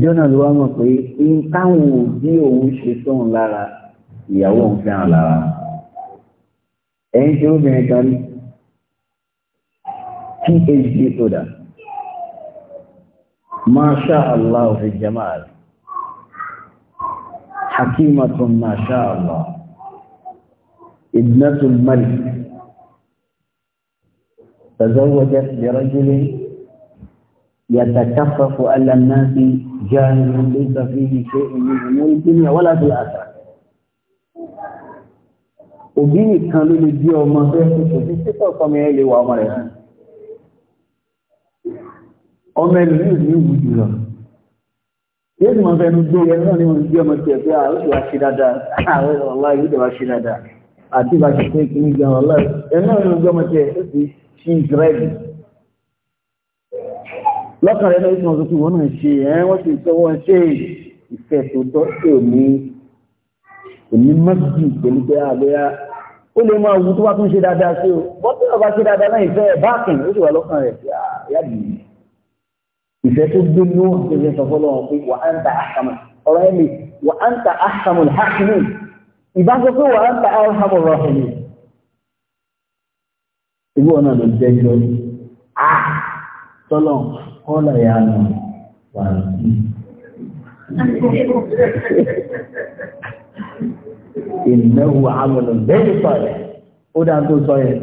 jọ́nà ló wá mọ̀ pé ní táwọn òbí òun ṣe sóhun lára ìyàwó ń fẹ́ràn lára ẹ̀yìn tí obìnrin kan ní phd soda masha allah fi jamal hakimatun masha allah ibnatul malik تزوجت برجل يتكفف على الناس جاهل ليس فيه شيء من الدنيا ولا في الاخره òbí nìkan ló lè bí ọmọ òbí títọ̀ kọmọ ẹ lè wà ọmọ rẹ̀ ọmọ ẹlò yóò ní ìwù jùlọ yóò sì máa fẹ́ nu gbé ẹni náà ní wọn bí ọmọ tiẹ̀ pé àwọn ah, ìwà ṣe dáadáa àwọn ìwà ọlá yóò dẹwà ṣe dáadáa àti ìwà ṣe pé kìíní gan ọlá ẹni náà ní ọmọ tiẹ̀ ó sì ṣe ìsirẹ́lì lọ́kàn rẹ̀ náà ó sì máa sọ pé wọ́n náà ṣe ẹ̀ wọ́n sì sọ ṣe ìfẹ́ tó tọ́ sí òní òní pẹ̀lú ah, ó lè máa wù tó bá tún ṣe dáadáa sí o bọ́tí ọba ṣe dáadáa náà ìfẹ́ báàkì ó sì wà lọ́kàn rẹ̀ sí àyàdì ìfẹ́ tó gbénú ìfẹ́ sọ fọ́lọ́ wọn pé wà á ń ta àkàmù ọ̀rọ̀ ìnáwó àmọ̀nà bẹ́ẹ̀ sọ̀rọ̀ ó dáa tó sọ yẹn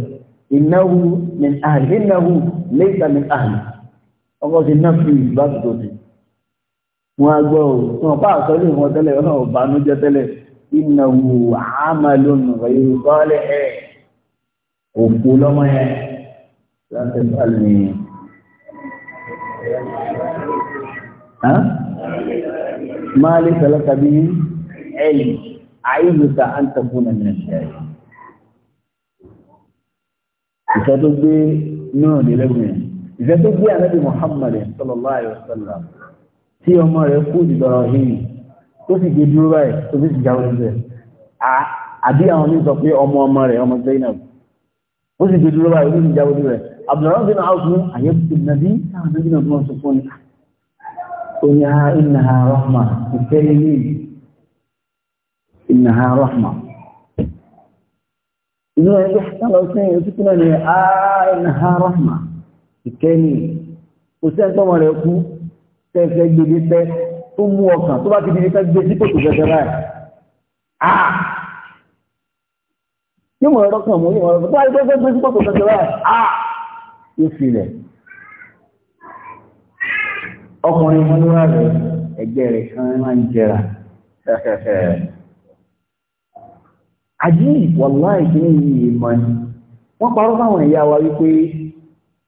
ìnáwó ní àhàlì ìnáwó lẹ́yìn tàbí àhàlì ọkọ̀ ti náà fi ìgbà tó ti wọn á gbọ́ wọn bá àṣọ ilé wọn tẹ́lẹ̀ wọn náà bá nújẹ tẹ́lẹ̀ ìnáwó àmàlùn rẹ̀ sọ́lẹ̀ ẹ̀ òkú lọ́mọ yẹn láti sọ́lẹ̀ ni. máa lè sọ̀rọ̀ tàbí ẹ̀lì àìlùkà à ń tẹ̀kùn nà nà ṣẹ́yìn. ìfẹ́ tó gbé náà ní lẹ́gbẹ̀ẹ́ ìfẹ́ tó gbé anábì Muhammad sallallahu alayhi wa sallam tí ọmọ rẹ̀ kú ìdọ̀rọ̀ hìn tó sì gbé dúró báyìí tó sì jáwé níbẹ̀ àbí àwọn mi sọ pé ọmọ ọmọ rẹ̀ ọmọ Zainab ó sì gbé dúró báyìí ó sì jáwé níbẹ̀ Abdulrahman bin Awf ní àyẹ̀kùtù nàbí táwọn nàbí náà fún ni ó ní ha ìnà ha ìfẹ́ yìí ìnáha rahma inú ẹgbẹ́ sálọ sí òtútù náà ni àá ìnáha rahma ìkẹ́ni kò sí ẹgbọ́n rẹ̀ kú tẹ́ẹ̀fẹ́ gbèdé tẹ́ tó mú ọkàn tó bá ti di ká gbé sí kòtò gẹ́gẹ́ báyìí àá yóò mọ̀ ẹ̀rọ kan mọ̀ yóò mọ̀ ẹ̀rọ kan tó bá ti gbé sí kòtò gẹ́gẹ́ báyìí àá yóò filẹ̀ ọkùnrin wọn ló rà rẹ̀ ẹgbẹ́ rẹ̀ kan máa ń jẹrà àjí wàláì kí ní yìí mọ́ ni wọ́n parọ́ fáwọn ìyá wa wípé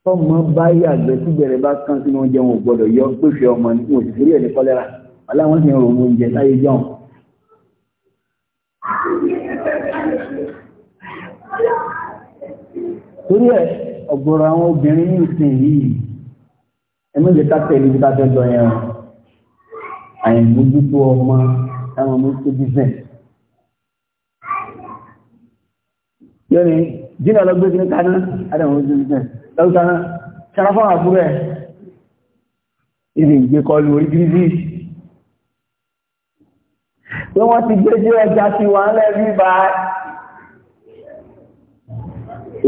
tọ́mọ bá yàgbẹ́ tí gbẹ̀rẹ̀ bá kán sínú oúnjẹ wọn ò gbọ́dọ̀ yọ pèsè ọmọ ní wọn sì rí ẹ̀dẹ̀ kọ́lẹ́rà aláwọn sì ń ròmú oúnjẹ láyé jọun torí ẹ̀ ọ̀gọ̀rọ̀ àwọn obìnrin ní ìsìn yìí ẹ̀mí lè tàtẹ̀ ibi tàtẹ̀ lọ yẹn àyìnbójútó ọmọ táwọn ọmọ tó bí bẹ́ẹ̀ yẹ́ni jìnà lọ gbé sí kaná adàmọ̀ ojú ìsẹ̀ lọ́gbàtánà ṣarafọ́ àbúrẹ̀ ibi ìgbé kọlu orí gírísì tó wọ́n ti gbé jẹ́ ọjà sí wà ń lẹ́rí bá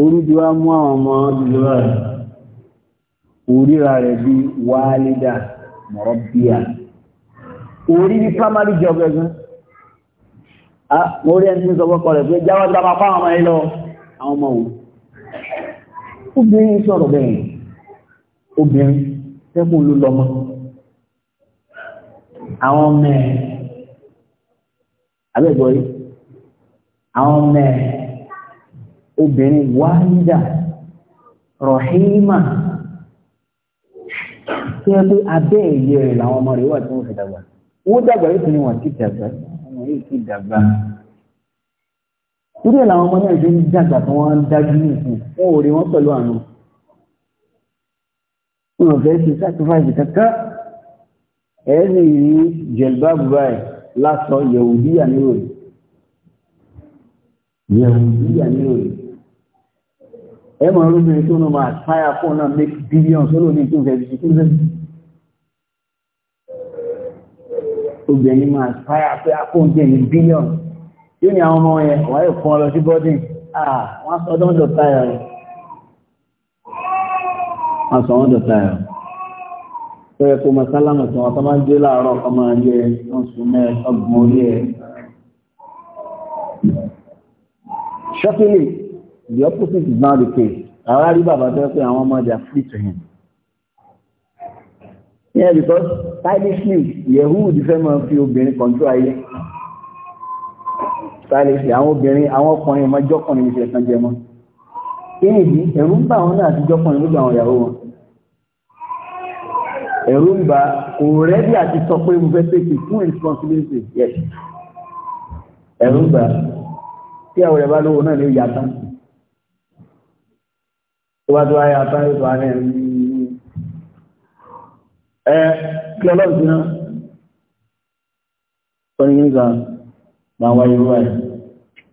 orí bí wá mú àwọn ọmọ ìlúwà oríra rẹ̀ bí wálídà mọ̀rọ̀bíà orí bí primary job ẹgbẹ́ Ah, mo rí ẹni tí ń sọ wọ́kọ̀ rẹ̀ pé jáwọ́ dábà fáwọn ọmọ ilọ̀ àwọn ọmọ òun obìnrin sọ̀rọ̀ bẹ́ẹ̀ obìnrin tẹ́kùn ló lọ́mọ àwọn ọmọ ẹ̀ abẹ́gbọ́ yìí àwọn ọmọ ẹ̀ obìnrin wáyídà rọ̀hímà tí wọ́n pé abẹ́ ẹ̀yẹ rẹ̀ làwọn ọmọ rẹ̀ wà tí wọ́n fi dàgbà wọ́n dàgbà yìí tí wọ́n ti tẹ̀gbẹ́ wọn yìí ti dàgbà torí ẹ̀ làwọn ọmọ náà ṣe ń dàgbà tí wọ́n ń dájú nìkan wọn ò rí wọn pẹ̀lú àánú wọn ò fẹ́ ṣe sacrifice kankan ẹ̀ ẹ́ lè rí jẹ̀lbá bubai lásọ yẹ̀wùdíyà ní òòrè yẹ̀wùdíyà ní òòrè ẹ̀ mọ̀ ọ́n lóbìnrin tó ń máa fire fún náà make billions ó lò ní ìtúnfẹ́ ìtúnfẹ́ obìnrin máa fáyà pé akóúnjẹ ní bílíọ̀nù yóò ní àwọn ọmọ yẹn wáyé fún ọ lọ sí bọ́dìn wọ́n sọ ọdún táyà rẹ̀ wọ́n sọ ọdún táyà rẹ̀ tó yẹ kó máa sálámù tí wọ́n tó máa ń dé láàárọ̀ kọ́ máa yẹ wọ́n sùn orí ẹ̀ shockingly the opposite is now the case àwọn arí bàbá tó yẹ pé àwọn ọmọdé are free to him Yeah, because stylishly yehud fẹ́ máa fi obìnrin control ayé stylishly àwọn obìnrin àwọn ọkùnrin ọmọ jọkùnrin ìṣẹ̀lẹ̀ kan jẹ mọ́ kéèdì ẹ̀rù ń bá àwọn náà àti jọkùnrin lójú àwọn ìyàwó wọn ẹ̀rù ń bá kò rẹ́dí àti sọ pé mo fẹ́ pèsè fún responsibility yes ẹ̀rù ń bá tí àwọn ìyàwó náà ló yàtọ̀ tó bá tó wáyé àtọ́ ẹ kí ọlọ́run ti náà tó ní nígbà bá wáyé wáyé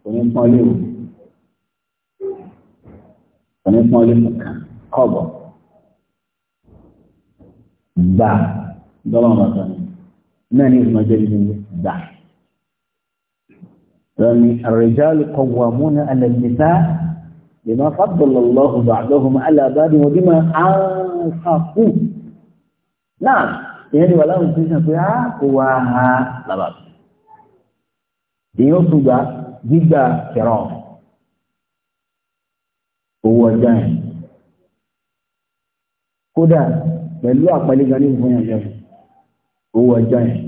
òní pọ́nlé o òní pọ́nlé kankan kọ́bọ̀ gbà dọ́là ọ̀nà kan náà ní ìsúná jẹ́bi ní gbà. لأن الرجال قوامون على النساء بما فضل الله بعضهم على بعض وبما أنفقوا náà ìyẹn ni wà láwùjọ tó sàn pé á ah, kò wá ha làbà ìyẹn ó tún gba gbígbà kẹrọ owó ọjà yẹn kódà pẹ̀lú àpẹẹlẹ gan ní ìfún yẹn owó ọjà yẹn.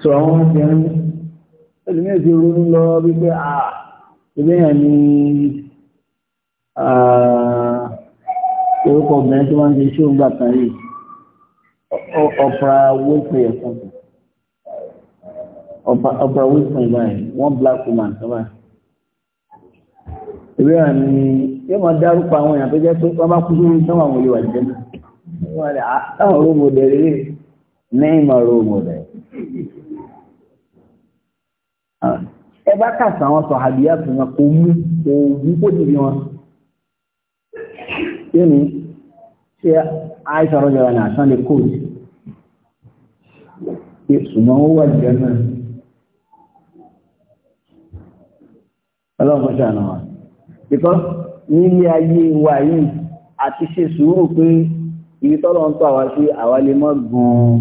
sọ àwọn obìnrin ẹlùmíẹ̀ ti ronú lọ wípé à ah, ìbéyàn ni ah, orúkọ obìnrin tí wọ́n ń ṣe ṣé ògbà kan yìí ọ̀pọ̀ra wípé ẹ̀kọ́ ọ̀pọ̀ra wípé báyìí wọ́n black woman sábà. ìwé rà ní yóò máa dárúkọ àwọn èèyàn tó jẹ́ pé wọ́n bá kú sórí tí wọ́n àwọn olè wà jẹ́ náà. wọ́n rẹ̀ àwọn ah, role model rèé lẹ́yìn máa role model. Ah, ẹ bá kà sí àwọn sọ̀hàbíyà tó wọn kò mú kò kó dìbì wọn yóò ní ṣe àìsàn ọ̀rọ̀ jọra ní àṣán lè kóòtù ṣùgbọ́n ó wà jẹ́ náà ọlọ́run ṣàánà wa because nílé ayé wa yìí àti ṣe sùúrù pé ibi tọ́lọ̀ ń tọ́ àwa sí àwa lè mọ́ gun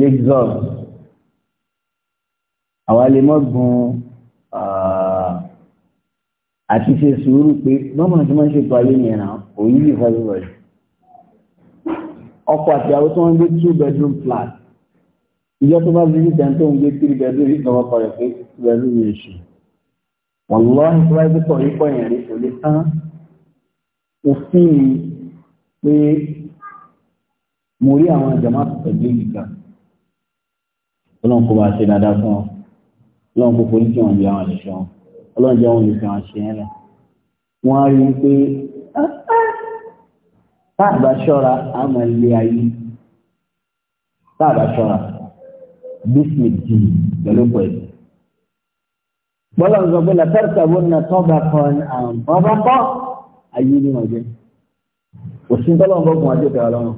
Lexus àwa lè mọ́ gun àti ṣe sùúrù pé mọ́mọ́ tí wọ́n ṣètò ayé yẹn náà òyìn ní fẹ́rẹ́rẹ́ ọkọ̀ àti àwọn tí wọ́n ń gbé two bedroom flat ìjọ tó bá bíi ìtàn tó ń gbé three bedroom yìí lọ́wọ́ kọ̀ rẹ̀ pé two bedroom yìí ṣù wọ́n lọ́ ní tí wọ́n ti kọ̀ yípo yẹn rí kò lè tán òfin ni pé mo rí àwọn àjàmá pẹ̀lú ìgbà ọlọ́run kò bá ṣe dáadáa fún ọ ọlọ́run kò forí kí wọ́n bí àwọn àṣìṣe wọn ọlọ́run jẹ́ wọn lè fi hàn ṣe yẹn lẹ̀ wọ́n á rí i pé ah, ah, táàbà ṣọ́ra àmọ́ ilé ayé táàbà ṣọ́ra bísí di pẹ̀lú pẹ̀lú. bọ́lá ń sọ pé látàríkà wọn na tọ́ba kan àǹfọ̀bá kọ́ ayé ni wọ́n jẹ́ òsín tọ́lọ́ ń bọ́ kún wájú ìfẹ́ ọlọ́run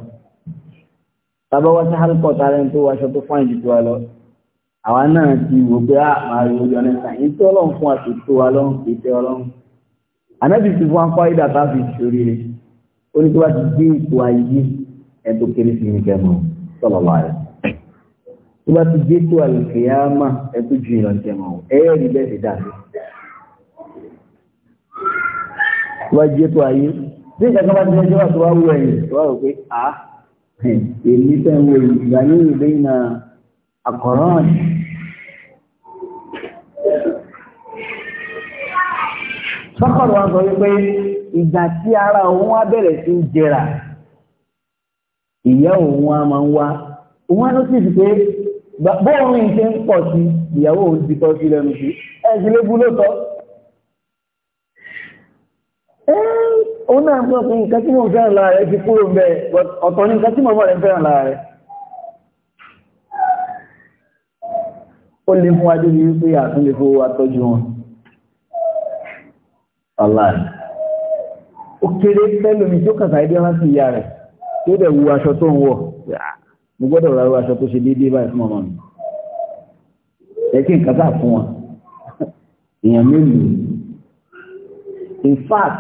tábà wá sí hálùkọ́ tààrẹ́ tó wáṣọ tó fáìn jù tó wá lọ àwa náà ti wò pé a ah, máa rí ojú ọ̀nà ìsàn yìí tí ọlọ́run fún wa ṣètò wa lọ́run kì í tẹ́ ọlọ́run ànábì ti fún akọ́ ìdá tá a fi ṣoríire ó ní tí wàá ti gbé ipò ayé ẹ̀tọ́ kéré sí ní kẹ́mọ́ sọ̀rọ̀ láàrẹ̀ tí wàá ti gbé ipò àlùkìyàmà ẹ̀tọ́ ju ìlànà kẹ́mọ́ ẹ̀yẹ́ rí bẹ́ẹ̀ ti dàbí tí wàá gbé ipò ayé bí ìjà kan bá ti lẹ́jọ́ wà tó wá wú ẹ̀yìn tó wá rò pé à ah, èmi fẹ́ wo ìgbà ní ìgbéyìn náà àkọ̀rán sọ́kọ̀rọ̀ wọn sọ wípé ìgbà tí ara òun wá bẹ̀rẹ̀ sí ń jẹrà ìyá òun wá máa ń wá òun wá ló sì fi pé bọ́ọ̀ mi ṣe ń pọ̀ sí ìyàwó òun ti tọ́ sí lẹ́nu sí ẹ̀sìn lébú ló tọ́ òun náà ń pọ̀ sí nǹkan tí mo fẹ́ràn lára rẹ̀ ti kúrò bẹ́ẹ̀ ọ̀tọ̀ ní nǹkan tí mo fẹ́ràn lára rẹ̀ ó lè fún wájú ní wípé àtún lè fowó atọ́jú wọn aláì ó kéré pẹ́lómi tí ó kàtà ìdí ọlá sí ìyá rẹ̀ tí ó dẹ̀ wu aṣọ tó ń wọ̀ mo gbọ́dọ̀ ra aṣọ tó ṣe déédéé báyìí fún ọmọ mi ẹ kí nǹkan sá fún wọn èèyàn mélòó in fact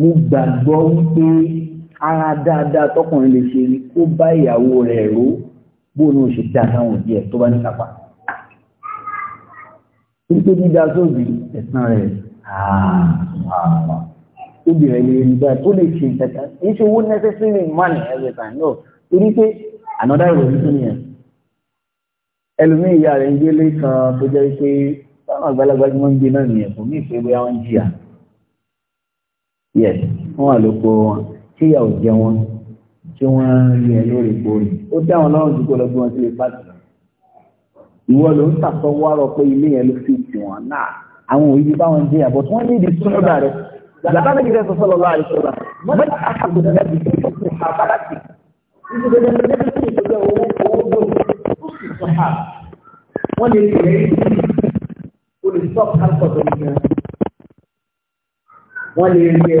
mo gbàgbọ́ wípé ara dáadáa tọkùnrin lè ṣe kó bá ìyàwó rẹ̀ ró bóun ó ṣe dáa sáwọn òbí tó bá ní kápá. Títí dídá sóbì ẹ̀sán rẹ̀ àmà. Tóbi rẹ̀ lè rí báyìí tó lè ṣe ìtẹ̀ka. Kìí ṣe owó necessary money every time no. Torí pé ànádá ìròyìn tó yẹn. Ẹlòmíì ìyá rẹ̀ ń gbélé kan tó jẹ́ pé báwọn àgbàlagbà tí wọ́n ń gbé náà nìyẹn kò ní ìfẹ́ bóyá wọ́n ń jìyà. Yes, wọ́n wà lóko wọn. Tíyà ò jẹ wọn tí wọ́n rí ẹ lórí ìkórè. Ó dá wọn lọ́rùn jù kó lọ bí wọ́n ìwọ ló ń tàtọ́ wárọ̀ pé ilé yẹn ló fi tì wọ́n náà àwọn òyìnbí báwọn jẹ́ àbọ̀ tí wọ́n ní ìdí sọ́dọ̀ rẹ̀ làbá ní ìrẹsọ̀ sọ́lọ́ lọ́wọ́ àìsọ́lá mọ́tà àkàbọ̀dà láti fi ìfún àbáràkì wọ́n lè rẹ̀ olùsọ́ kárpọ̀tò nìyẹn wọ́n lè rí ẹ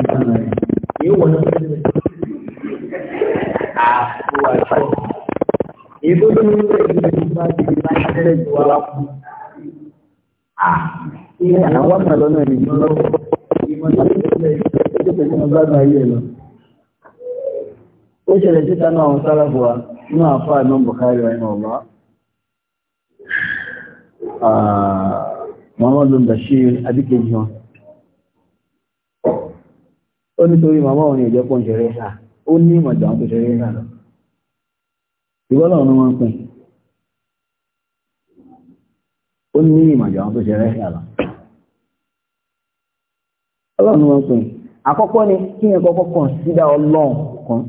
àwọn ọ̀nà lọ́nà ìlú ó ṣẹlẹ̀ títà náà àwọn sáráfíwá ní àfá àmì Bukhari ẹ̀nà ọ̀lá Muhammadu Bashir Adékejì wọn ó nítorí màmá òun ìjọpọ̀ ìṣẹ̀rẹ̀ ṣà ó ní ìmọ̀jọ̀ àwọn tó ṣẹ̀rẹ̀ ṣà lọ ìgbọ́lọ̀ ọ̀nà wọn pẹ̀ ó ní ìmọ̀jọ àwọn tó ṣe rẹ̀ yàrá ọlọ́run wọn pẹ̀ àkọ́kọ́ ni kí yẹn kọ́kọ́ kọ̀nsídà ọlọ́run kan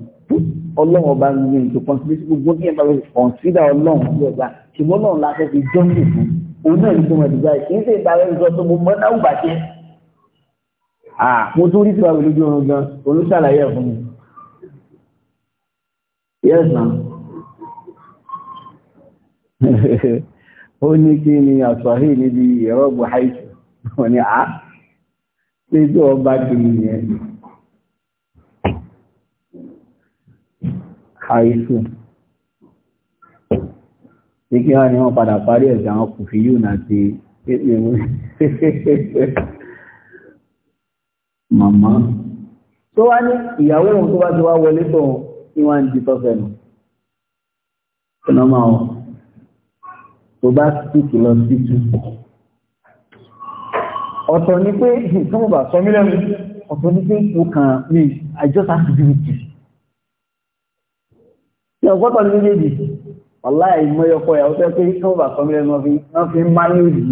ọlọ́run ọba ní ní tó kọ̀nsídà gbogbo kí yẹn bá wọ́n kọ̀nsídà ọlọ́run tó ọba ṣùgbọ́n náà la fẹ́ fi jọ́ǹdì fún òun náà ní tó mọ̀ ìdíjà kì í ṣe ìbára ẹni sọ tó mo mọ́ náà bàjẹ́ mo tún rí tiwa lójú oorun gan olùsàlàyé ẹ̀ fún mi. yes ó ní kí ni àṣàhí níbi ìrọ́gbù haitu wọ́n ni a tí tí ó bá kiri yẹn haitu tí kí wọ́n ni wọ́n padà parí ẹ̀sẹ̀ àwọn kò fi yíò náà ti màmá tó wá ní ìyàwó òun tó bá ti wá wọlé tó wọ́n ń di tọ́fẹ́ nù tó bá síkì lọ sí tú. ọ̀tọ̀ ni pé ìtọ́mọ̀ bá sọ mílẹ̀ mi ọ̀tọ̀ ni pé mo kàn mí I just have to do it. ṣé ọgọ́tọ̀ ni méjèèjì wàlá ìmọ̀yọkọ̀ ìyàwó tẹ́ pé ìtọ́mọ̀ bá sọ mílẹ̀ mi wọ́n fi manage the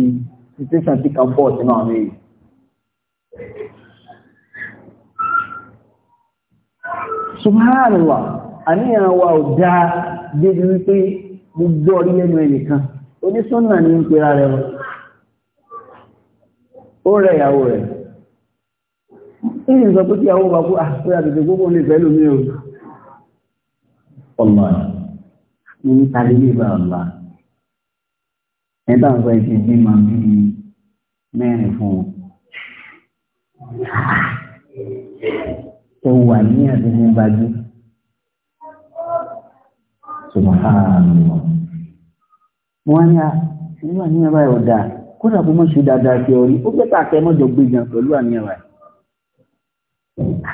situation tí kan bọ̀ sínú àwọn èèyàn. Subhanallah, àníyàn wa ò dáa débi wípé gbogbo orí lẹ́nu ẹnìkan onísúnnà ní ń pera rẹ̀ ó rẹ̀ ìyàwó rẹ̀ ìrìn sọ pé kí àwọn bá kú àpẹ́ àtẹ̀tẹ̀ gbogbo lè fẹ́ lómi o ọmọ ní tàbí lè bá ọ̀la ẹ̀ta ń Subhanallah wọ́n ní àwọn àníyàn báyìí ọ̀dà kódà kó mọ̀ ṣe dáadáa sí ọ rí ó bẹ́ẹ̀ tà kẹ́ mọ́jọ gbé jàn pẹ̀lú àníyàn báyìí.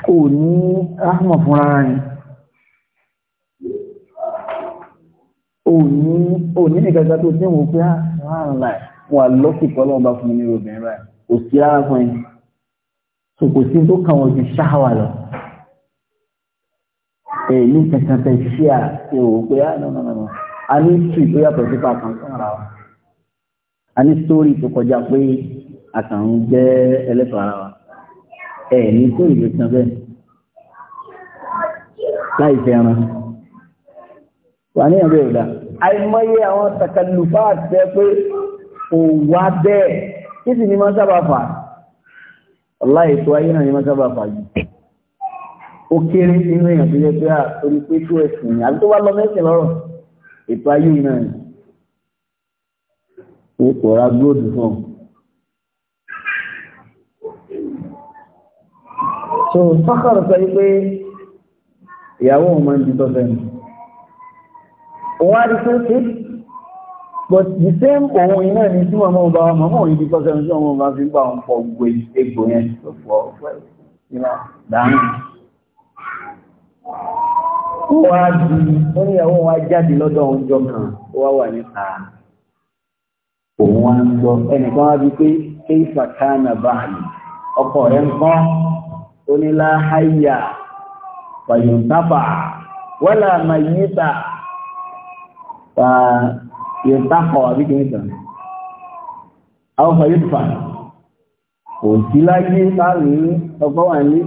kò ní ráhùnmọ̀ fún rárá ni òní òní nìkan ká tó dínwó pé àrànlá wà lọ́sìkọ́ lọ́wọ́ bá fún mi ní obìnrin báyìí kò sí rárá fún yín so kò sí tó kàn wọ́n ju ṣáwà lọ èyí kankan tẹ̀ ṣíà ṣe òwò pé á nọ nọ nọ nọ a ní tù tó yàtọ̀ sí pa àkàn ara wa a ní sórí tó kọjá pé àkàn ń jẹ́ ẹlẹ́tọ̀ ara wa ẹ̀ ní tó ìlú kan bẹ́ẹ̀ láì fẹ́ ẹran wà ní ẹ̀rọ ìdá àìmọye àwọn tàkàlùfà àtẹ́ pé kò wá bẹ́ẹ̀ kí sì ni máa sábà fà ọláì tó ayé náà ni máa sábà fà jù ó kéré nínú èèyàn tó yẹ pé à torí pé tó ẹ̀sìn ni àbí tó bá lọ mẹ́sìn lọ́rọ̀ ètò ayé náà wọ́n kò ra góòdù fún so fákàrọ̀ sọ wípé ìyàwó òun máa ń di tọ́fẹ́ ni òun á di tó ṣe but the same òun iná ni tí wọ́n mọ́ bá wọn mọ́ òun di tọ́fẹ́ ni tí wọ́n bá fi ń bá wọn pọ̀ gbé egbò yẹn tó fọ́ ọ̀pọ̀ ìlà dáná wá bí oníyàwó wa jáde lọ́dọ̀ ọjọ́ kan wá wà níta òun wá ń gbọ́ ẹnìkan wá bí pé kéfà kánà báàlì ọkọ rẹ̀ ń kọ́ oníláháyà fàyọ̀ntàfà wọ́là màyíta fàyọ̀ntàfà wà bí kí n sàn àwọn fàyọ̀ntàfà kò sí láyé láàrin ọgbọ́n wà ní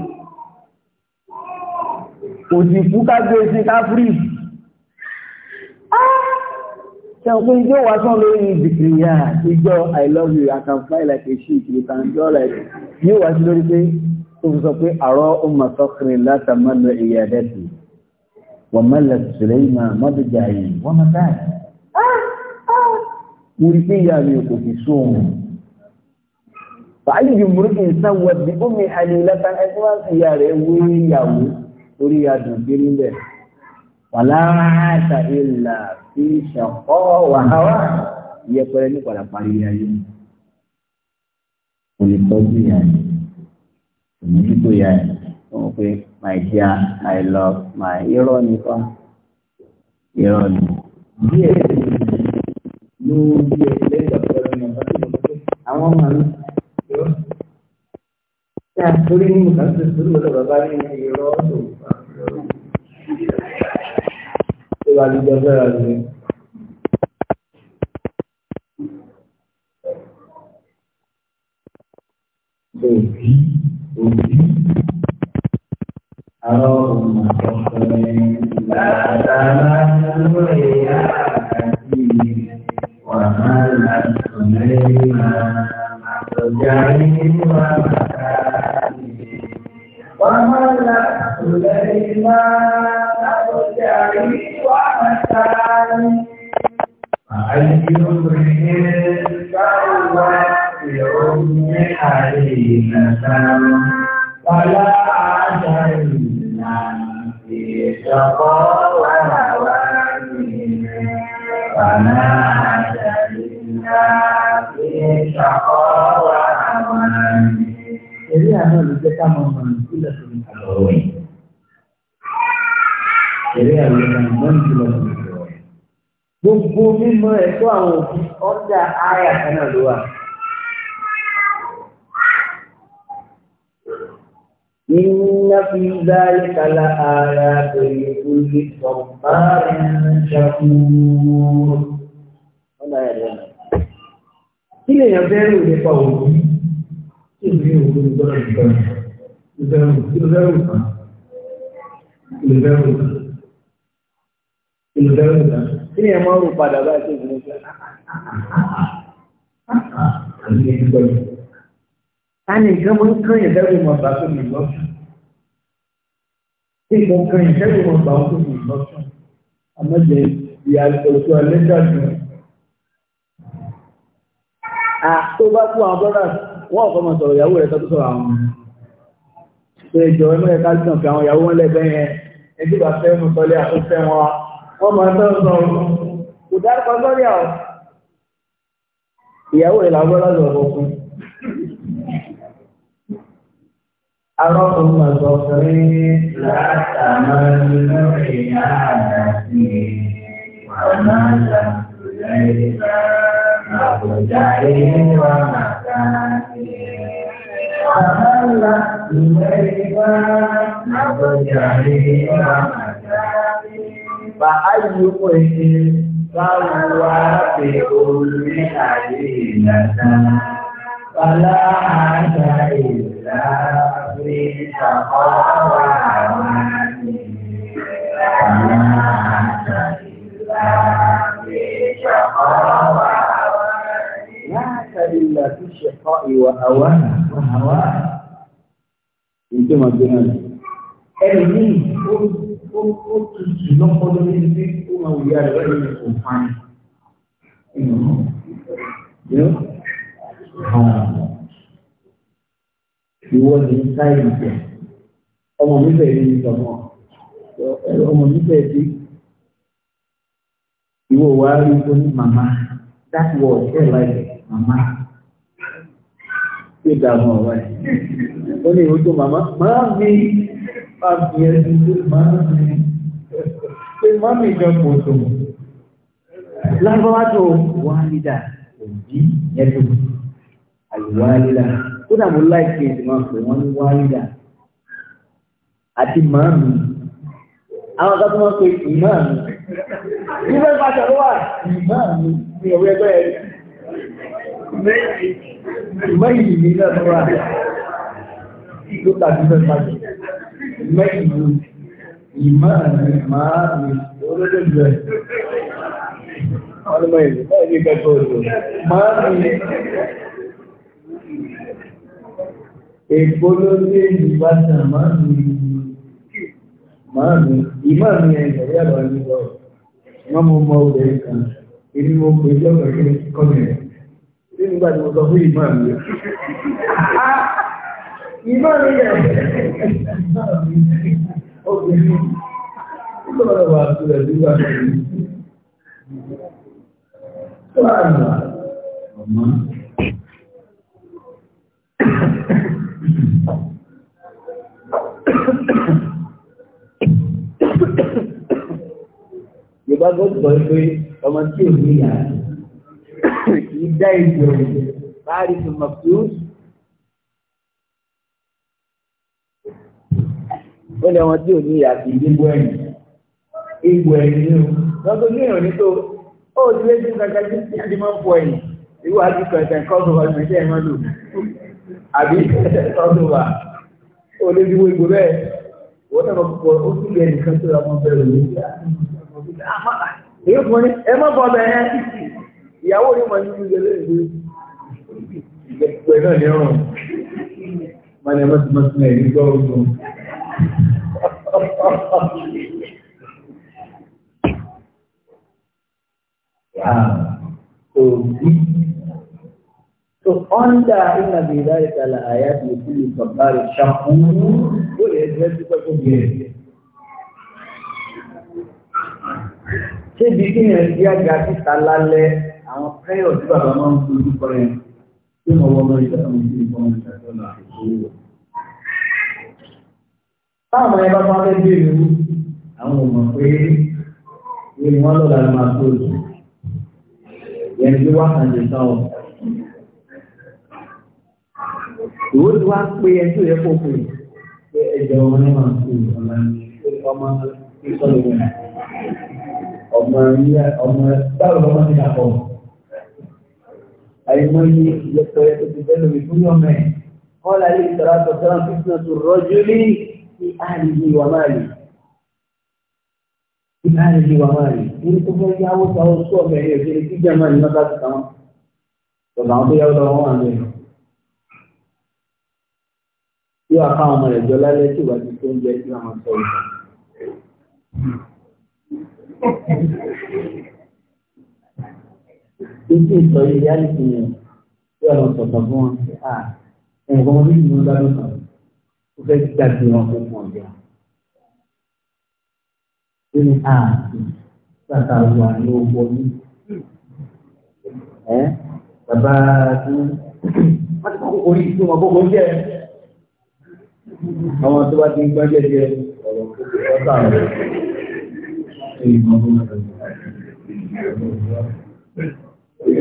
kò sì kú ká gbé sí káfírí ṣẹ̀kún ìjọ wà sán lórí ìdìkìríyà ìjọ i love you i can fly like a sheep you can draw like yíò wà sí lórí pé tó fi sọ pé àrọ ọmọ sọkùnrin látàmọ́lọ ìyá dẹ́sì wọ́n mẹ́lẹ̀ sùlẹ́mà mọ́dújà yìí wọ́n mọ́ táà mo rí pé ìyàwó torí adùn kiri ń bẹ̀. ìlà fi ṣàkọ́ wàhálà ìyẹpẹrẹ ní padà parí ayé kò lè tọ́jú ìyá yẹn ìmójútó ìyá yẹn pe my dear my love my irọ́ nípa irọ́ ni díẹ̀ ló díẹ̀ lẹ́yìn ọ̀pọ̀ ẹ̀rọ náà àwọn ọmọ mi yọ. Ṣé àtúrí ní ìkànnì tó sọ́dọ̀ bàbá ní ìrọ́ bá ti dọ́gbẹ́ rẹ̀ ni. Òbí òbí àwọn ọmọ ọkùnrin bàtà máa ń lò àti wàhálà ọ̀nẹ́rì máa àtọ̀jà nínú àbàkà. Wàhálà. سليمان أبدعي ومتاني فأي امرئ توفي حليمة فلا عجلنا في شقاوة فلا عجلنا في شقاوة Jadi anak kita mau mengambil dari Allah ẹ̀rí àlùmọ̀ mọ́jùlọ gbogbo mímọ ẹ̀tọ́ àwọn òbí ọjà àyà kanáà ló wà. Inna fi dhalika la ayatin li kulli sabbarin shakur. Ọ̀nà ẹ̀rọ. Kí lè yàn bẹ́rù nípa òbí? Kí ni òbí gbọ́dọ̀ gbọ́dọ̀? Ìbẹ̀rù ìbẹ̀rù kan. Ìbẹ̀rù kan olùdarí náà kí ni ẹ máa ń rò padà bá ṣe ìgbìmọ̀ ṣe àti ẹgbẹ́ mi. a ní nǹkan mọ́ ń kànyàn dẹ́rù mọ̀ bá tó mi lọ́sùn. kí nǹkan kànyàn dẹ́rù mọ̀ bá tó mi lọ́sùn. àmọ́jẹ ìyá ọ̀tún alẹ́ dàgbà. à tó bá fún wọ́n ọ̀kọ́ sọ̀rọ̀ ìyàwó rẹ̀ tó àwọn ọmọ. ṣe ìjọba mẹ́rẹ̀ká gbọ̀n wọ́n máa tọ́ sọ kò sọ́rí àwọn ìyàwó rẹ̀ làwọn lọ́dọ̀ ọkùn àwọn ọkùnrin máa sọ ọkùnrin látàmà nínú ìyá àdàsí wa máa sí i. Àbálà ìwé ìgbà àbùjá ìlú wa máa ká sí bá ayé pèsè báwo wá pè orí ayé ìlànà bàlá àṣà ìlà rí sàkọ́ wà wá ní bàlá àṣà ìlà rí sàkọ́ wà wá ní. láàkà ìlà tí ṣẹ̀kọ́ ìwà àwa àwa. Ìjọba gbé Ẹni yìí ó ó tutù lọ́pọ̀lọ́ ní ibi ó máa wù yá rẹ̀ lọ́dọ̀ ní kò fáyé. Ìwọ ni ń ká ìjẹ. Ọmọ mi bẹ̀rẹ̀ ní ìjọmọ. Ọmọ mi bẹ̀rẹ̀ sí. Ìwọ wà á rí ipò ní màmá. That word ṣe láìpẹ́ màmá. Ṣé ìdààmú ọ̀rọ̀ ẹ̀? Ó ní ìwé màmá. Màá mi. Tàbí ẹni tó máa ń rìn. Ṣé máa mi jẹ kò tó? Lágbọ́n tó wá lídà òbí ẹ̀dùn. Àyùwá lídà. Ó dà mú láìpẹ́ ìdìmọ̀ pé wọ́n ní wá lídà. Àti máa mi. Àwọn kan tó máa ń pe ìmáà mi. Ilé ìbáṣà ló wà. Ìmáà mi ni òwe ẹgbẹ́ ẹ̀. Ìmáà yìí ni náà ló wà. Ló tàbí fẹ́ máa jẹ mẹ́yìn ìmọ̀ ìmọ̀ olódòdó ẹ̀. Ọlọ́mọ ìlú, báyìí kẹ́kọ̀ọ́ òjò. Máa ń rí èpo ló dé ìbátan máa ń rí máa ń rí ìmọ̀ mi ẹ̀yẹ̀ yàrá nígbà wọ́n mú ọmọ obìnrin kan èmi mo pè é lọ́gbẹ̀ẹ́ kọ́mẹ̀rẹ̀. Nígbà tí mo sọ fún ìmọ̀ mi ìmọ̀ mi yẹ obìnrin nígbà pé ọmọ tí ò ní yàrá kì ìjọ rẹ̀ bá rí tó mọ̀ fún ó lẹ wọn tí ò ní àti ìdíbò ẹ̀yìn ìgbò ẹ̀yìn ni o wọn tó ní ìròyìn tó ó ti lé sí kankan tí tí adé máa ń fọ ẹ̀yìn irú àti kankan kọ́ọ̀tù wa ìgbésẹ̀ ẹ̀ máa lò àbí kọ́ọ̀tù wa ó lé sí gbogbo bẹ́ẹ̀ wọ́n náà kọ́ ó sì yẹ nìkan tó ra mọ́ bẹ́ẹ̀ lò èyí kò ẹ má bọ̀ bẹ́ẹ̀ ìyàwó ni mo ní ìgbélé ìgbélé ìgbẹ́ náà ní ọ̀rùn. Mọ̀lẹ́ mọ́tìmọ́tìmọ́ ẹ̀rí gbọ́ ogun òbí so ọ́ndà ìnàbí ìdáyé kala àyà ti kú ìfọ̀bárì ṣàkóso ó lè jẹ́ pípẹ́ tó bẹ̀rẹ̀. Ṣébi kí ni ẹ̀sìn àga títa lálẹ́ àwọn pẹ́yọ̀ tí bàbá máa ń fojú kọ́ ẹ̀ tí wọ́n wọ́n lọ ìdáhùn sí ìfọ̀mọ́ ìdájọ́ náà táwọn ẹbá bá fẹ́ bèèrè wú àwọn ọmọ pé wọ́n ni wọ́n lọ́la ló máa tó lù yẹn tí wọ́n kàn jẹ sáwọ́. ìwé tí wọ́n á pé ẹni tó yẹ kó pè pé ẹ̀jẹ̀ ọmọ náà máa tó lù ọmọ ọmọ ìsọ̀rọ̀ wọn. ọmọ ilé ọmọ táwọn ọmọ ti dàpọ̀. àìmọ́ yìí yẹ pé tó ti fẹ́ lómi fún yọ̀mẹ̀. kọ́lá ilé ìtara àtọ̀tọ̀ fífúnà tó rọ́jú lẹ́yìn. في أهله وماله في أهله وماله إن كفر جاءوا سوى سوى بهي في لكي جمال مدد كمان وضعوا يولى وانه yóò ká ọmọ rẹ̀ jọ lálẹ́ tí ìwà ti tó ń jẹ́ kí wọ́n sọ ìtàn. Ah, ìsọ̀rí ìyá nìkan yẹn ó fẹ́ gbàgbé wọn kó mọ̀ ọ̀gá. ó ní ààbò bàtà wà ní owó ní. ẹ bàbá tí wọ́n ti kọ́ orí tí wọ́n kọ́kọ́ jẹ́ àwọn tó bá ti ń gbọ́ jẹ́jẹ́ ọ̀rọ̀ tó ti kọ́ sáà rẹ̀.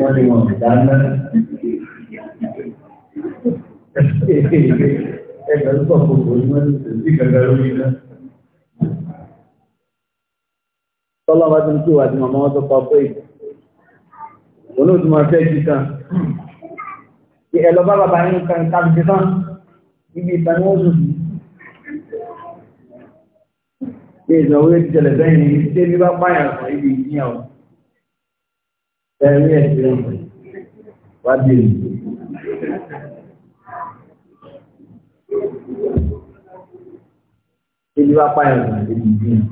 Wọ́n ní wọn dáná ẹgbẹ̀rún pọ̀ gbogbo ní wọ́n ti sí gẹ̀gẹ̀ lórí náà. Tọ́lá bá ti ń kí ìwádìí màmá wọn tó pa pé òun ò tún máa fẹ́ jí kan. Ẹ lọ bá bàbá yín kan tàbí ti tán ibi ìta ni wọ́n sùn sí. Ní ìdánwò yóò ti tẹ̀lẹ̀ bẹ́ẹ̀ ni ṣé bí bá pààyàn sọ ibi ìyíyàn Ẹ rí ẹ̀sìn rẹ̀ wá dé mi. ebi bá pààyàn nà ebi bí yàn.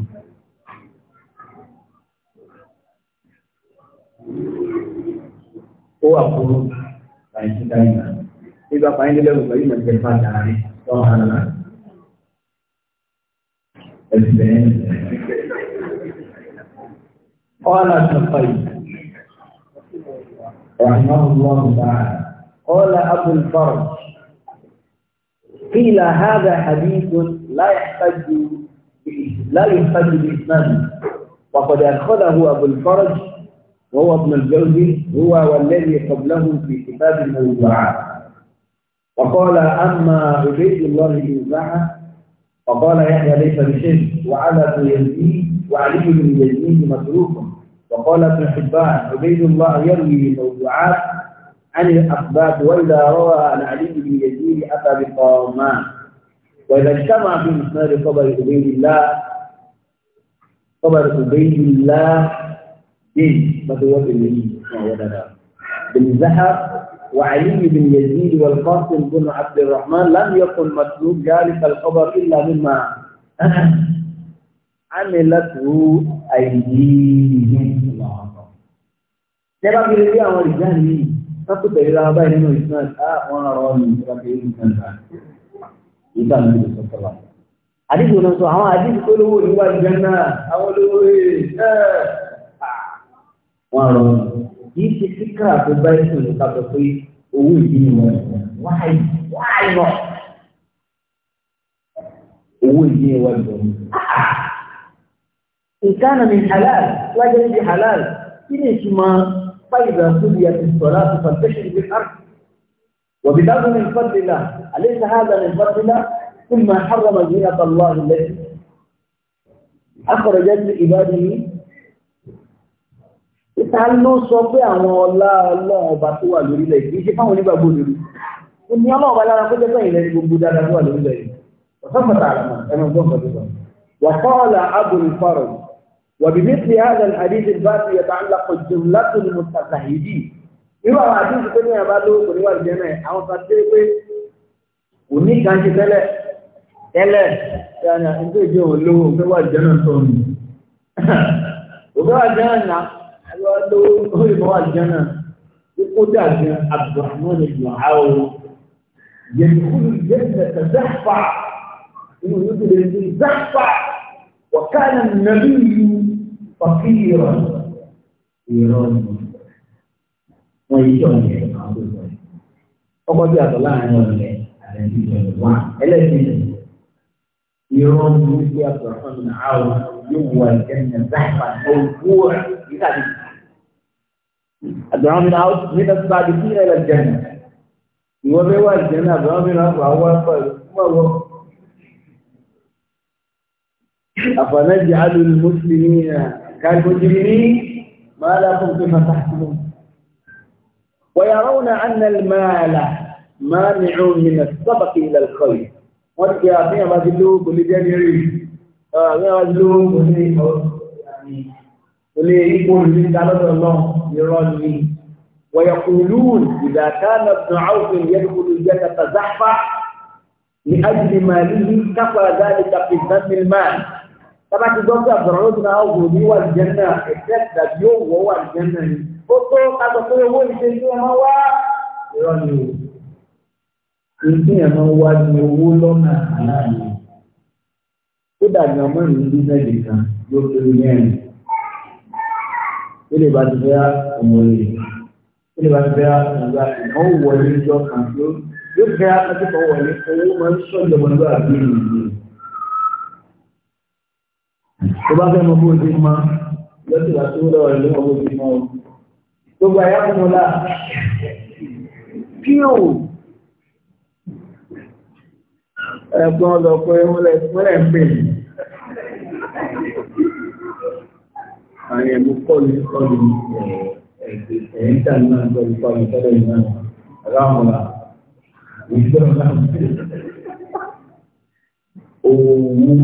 ó wà fún àìsí dáhùn náà ebi bá pààyàn nílẹ̀ òkú yìí nà bẹ̀rẹ̀ bá dà rí lọ́wọ́ hàn náà. ẹ̀sìn قال الشقيق رحمه الله تعالى قال أبو الفرج قيل هذا حديث لا يحتج لا يحتج بإسناده وقد أخذه أبو الفرج وهو ابن الجوزي هو والذي قبله في كتاب الموضوعات وقال أما عبيد الله بن زعة فقال يحيى ليس بشيء وعلى بن يزيد وعلي بن يزيد متروك وقال ابن حبان عبيد الله يروي الموضوعات عن الأخبار وإذا روى عن علي بن يزيد أتى بقامان وإذا اجتمع في مسند خبر عبيد الله خبر عبيد الله بن مدوة بن بن زهر وعلي بن يزيد والقاسم بن عبد الرحمن لم يكن مسلوب ذلك الخبر إلا مما *clears throat* عملته أيديهم الله أكبر. ترى في الرجال sátò tẹ̀lé ara báyìí nínú ìsúná á wọn ara wọn nínú ìjọba kiri nǹkan náà ìgbà mi lè sọ sọlá. àdìgbò náà sọ àwọn àdìgbò tó lówó ìwà ìjọ náà àwọn olówó ẹ wọn ara wọn kì í ṣe kíkà àti báyìí sùn ló kàtọ owó ìdí ni wọn nǹkan náà ní halal wájú ní halal kí ni ìtumọ̀. فإذا سليت الصلاة فانتشر بالأرض وبدأ من فضل الله أليس هذا من فضل الله ثم حرم زينة الله التي أخرجت لعباده ìta ló sọ pé àwọn ọlá ọlọ́run ọba tó wà lórílẹ̀ kìí ṣe fáwọn onígbàgbọ́ lórí ó ní ọlọ́run ọba lára pẹ́jẹ́ pẹ́yìn lẹ́ni gbogbo dáadáa tó wà lórílẹ̀ yìí ọ̀sán pàtàkì àràmà gbọ́n kan tó sọ wà fọ́ọ̀là fọ́ọ̀rọ̀ وبمثل هذا الحديث الباب يتعلق جملة المتزهدين إذا الحديث كنا يبالو كنا يبالو أو فاتيكو وني كانت تلا تلا يعني انتو جو اللو كنا يبالو توني وكنا جانا يبالو هو يبالو جانا يقول جاء عبد الرحمن بن عوف يدخل الجنة زحفا يدخل الجنة زحفا وكان النبي fakira ìran wọn yìí jọ ní ẹ̀ka tó sọ yìí ọkọ bí àtọ láàrin ọ̀lẹ àlẹbí ìjọba wa ẹlẹ́sìn ìran burúkú àtọ̀rọ̀fọ́n ní àwọn yóò wọ ìjẹ́nìyàn záàpà owó rẹ̀ nígbà tí àtọ̀rọ̀fọ́n ní àwọn nígbà tí bá di kí ẹ lọ jẹun ìwọ bẹ wá ìjẹun àtọ̀rọ̀fọ́n ní àwọn àwọn pẹ̀lú mọ̀wọ́. أفنجعل المسلمين كان مجرمين ما لكم كيف تحكمون ويرون أن المال مانع من السبق إلى الخير wọ́n يا أخي ما ló كل lè jẹ́ nírí àfihàn àbájú ló kò lè kò lè ويقولون إذا كان ابن عوف يدخل الجنة زحفا لأجل ماله كفى ذلك في ذم المال Tábà ti gbọ́ pé àbọ̀rọ̀ ló ti náà wò ní wà lìjẹ́ náà except that yóò wọ́ wà lìjẹ́ náà ni. Ó tó kátó pé owó ìṣe tí wọ́n máa wá irọ́ ni o. Ìṣe yẹn máa wá ní owó lọ́nà àlàyé. Ó dàgbà ọmọ ìlú ní bísẹ̀lì kan ló kéré mẹ́rin. Ó lè bá ti fẹ́ ọmọ rẹ̀. Ó lè bá ti fẹ́ ọmọ rẹ̀. Ìnáwó wọlé ìjọ kan tí ó fẹ́ akẹ́kọ̀ọ́ wọlé owó máa ń sọ ìjọba nígbà tó bá fẹ́ mọ bó ti mọ lọ́sùn tó lọ́wọ́ rẹ̀ ló mọ bó ti mọ o. gbogbo àyà fún un la kí o ẹ̀gbọ́n lọ pé múlẹ̀ múlẹ̀ ń pè mí. àwọn ẹ̀mú kọ́ni kọ́ni ẹ̀yìn tà náà ń gbọ́dọ̀ kọ́ni tọ́lẹ̀ yìí náà rámùlà ìjọba owó owó.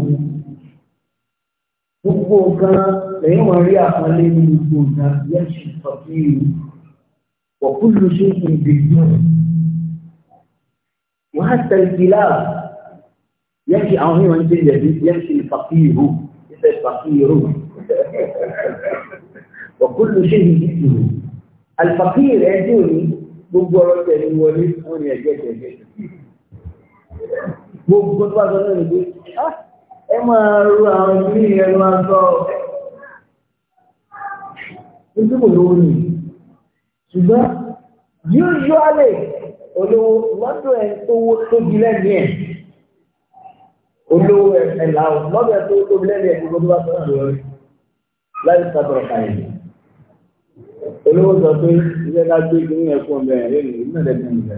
gbogbo nǹkan lẹ́yìn wọn rí àpọ́nlé ní gbogbo nǹkan yẹ́sì sọ̀tí wọ̀kúlù sí ìdìbò wọ́n á tẹ̀lé ìlà yẹ́sì àwọn yìí wọ́n ń tẹ̀lé yẹ́sì ìfàkì ìhù ìfẹ́ ìfàkì ìhù wọ̀kúlù sí ìdìbò àlùfàkì rẹ̀ dùn ní gbogbo ọ̀rọ̀ tẹ̀lé wọlé wọ́n ní ẹ̀jẹ̀ tẹ̀lé gbogbo tó bá sọ náà nìgbé ah. ẹ máa ro àwọn ìlú ẹnu àgbọ̀ ojú kò lówó ni ṣùgbọ́n usually olówó lọ́dọ̀ ẹ̀ tó wó tóbi lẹ́nu ẹ̀ olówó ẹ̀ làwọn lọ́dọ̀ ẹ̀ tó wó tóbi lẹ́nu ẹ̀ gbogbo tó bá sọ̀rọ̀ lórí láì sábà kàyé olówó sọ pé ilé ńlá gbé ní ẹ̀kọ́ ọ̀bẹ ẹ̀ lẹ́nu ìmọ̀lẹ́bí ìgbà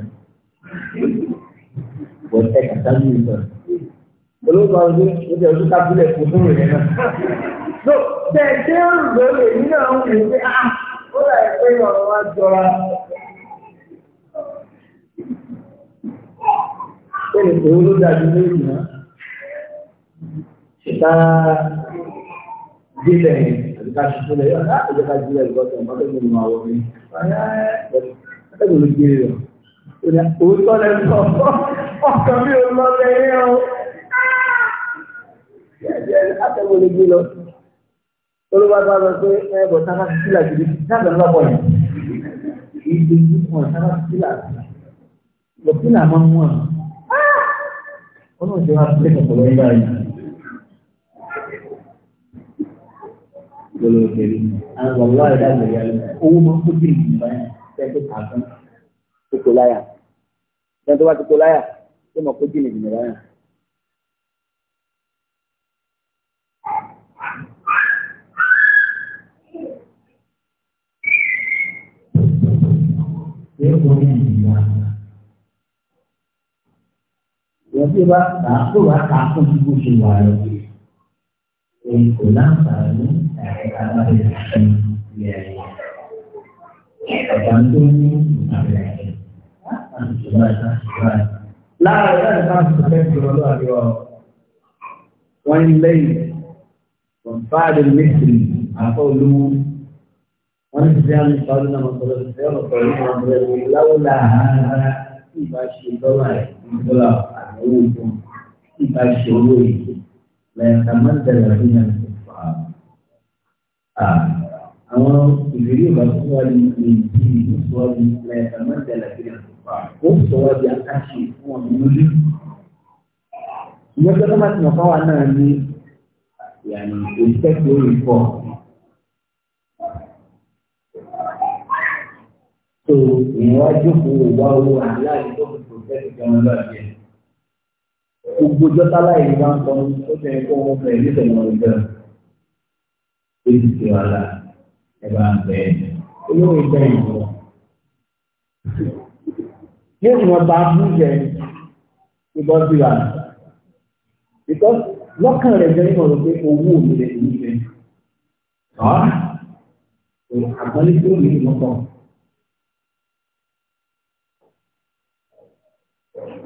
bọ̀tẹ́ kàtàkì ìgbà olóògbé ọdún ó jẹ́ ojú kábílẹ̀ kò fún ìrìn náà. so tẹ̀sí ń lò lè ní náà ń wò pé ah, ó rà ẹ̀ pé ọ̀rọ̀ wa jọra. ó lè pè é ló dájú ní ìlú náà. ìta délẹ̀ àdúgbò àṣìṣẹ́lẹ̀ yóò dá ìjọba ìjìnlẹ̀ ìgbọ́sẹ̀ ìmọ̀lẹ́gbẹ̀rún ìmọ̀ àwọn mi. ló gbé e rẹ̀. òótọ́ lẹ́nu ọkàn mi ò lọ bẹ̀rẹ̀ o àtẹ̀wò lè gbé lọ. Olúwa bá lọ pé ẹ bọ̀ sábà sílà gidi sábà ló bá bọ̀ yẹn. Ìdè yìí mọ̀ sábà sílà. Lọ̀pínà máa ń mú àná. Ah! Ọlọ́run ti wá pé kọ̀kọ̀ lọ́yìn báyìí. Gbọ́dọ̀ òkèèrè. Àwọn ọ̀gá ìdá ìgbẹ̀yà owó máa ń kó dé ìgbìmọ̀ báyìí. Bẹ́ẹ̀ tó kà á tó bá ti kó ó mọ̀ kó dé ìgbìmọ̀ ẹ̀kọ́ ní ìdílé wọ́n ti bá kàákó wá kàákó tí kò ṣe wà lọ. Èyí kò láǹfààní àìka bá lè ṣe ilé ayé. Ọ̀gá tó ní ìpàdé ayé. Lára ẹ̀rọ ìbá fẹ́ fi ọlọ́ àríwá ọ. Wọ́n ń lẹ́yìn. Wọ́n fáadé mẹ́sìrì àkọ́ olówó wọ́n ti fẹ́ àmì ìpàdé náà mọ̀tò lọ́sẹ̀ fẹ́ ọ̀pọ̀ ní wọn bẹ̀rẹ̀ wò láwùlà ara tí ìbá ṣe dọ́là ẹ̀ dọ́là àdéhùn fún tí ìbá ṣe owó yìí lẹ́yìn àmọ́ ìdẹ̀rẹ̀ fún yẹn ti fà á. àwọn ìrírí ìbá fún wa ní ìdí ìlú sọ wá ní lẹ́yìn àmọ́ ìdẹ̀rẹ̀ fún yẹn ti fà á. ó sọ wá di akáṣe fún ọmọ lórí. ìyẹn tó tó bá ti mọ̀ fáwa tó ìyẹn wá jókòó wá owó aláàbí tó fi protect ìjọba náà jẹ. Gbogbo jọ́tà láì wá ń tọ́nu ó fẹ́ kó wọn fẹ́ ní ìtẹ̀wọ̀n ìjọ. Ó ti ṣe wàhálà ẹ bá ń bẹ̀ ẹ́. Olówó ìgbà ìjọ. Yóò ní wọn bá fún jẹ ìbọn sí wa. Because lọ́kàn rẹ̀ jẹ́ nínú ọ̀rọ̀ pé owó mi lè ní ìfẹ́. Àgbọ̀nlé tí lè ní mọ́tò.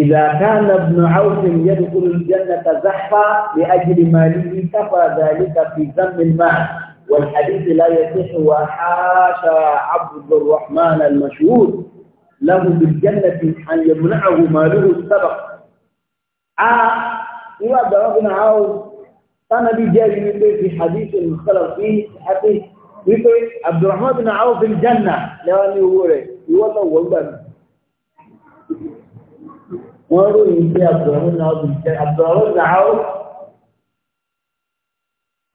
إذا كان ابن عوف يدخل الجنة زحفا لأجل ماله كفى ذلك في ذم المال والحديث لا يصح وحاشا عبد الرحمن المشهود له بالجنة أن يمنعه ماله السبق آه إذا ضربنا عوف كان بجاري في حديث مختلف فيه حديث wípé abdulrahman bin awf aljanna lẹ́wọ́n ní هو rẹ̀ هو náà wọ́n wọ́n ròyìn pé abdulrahman náà bìí jẹ́ abdulrahman náà áwọ̀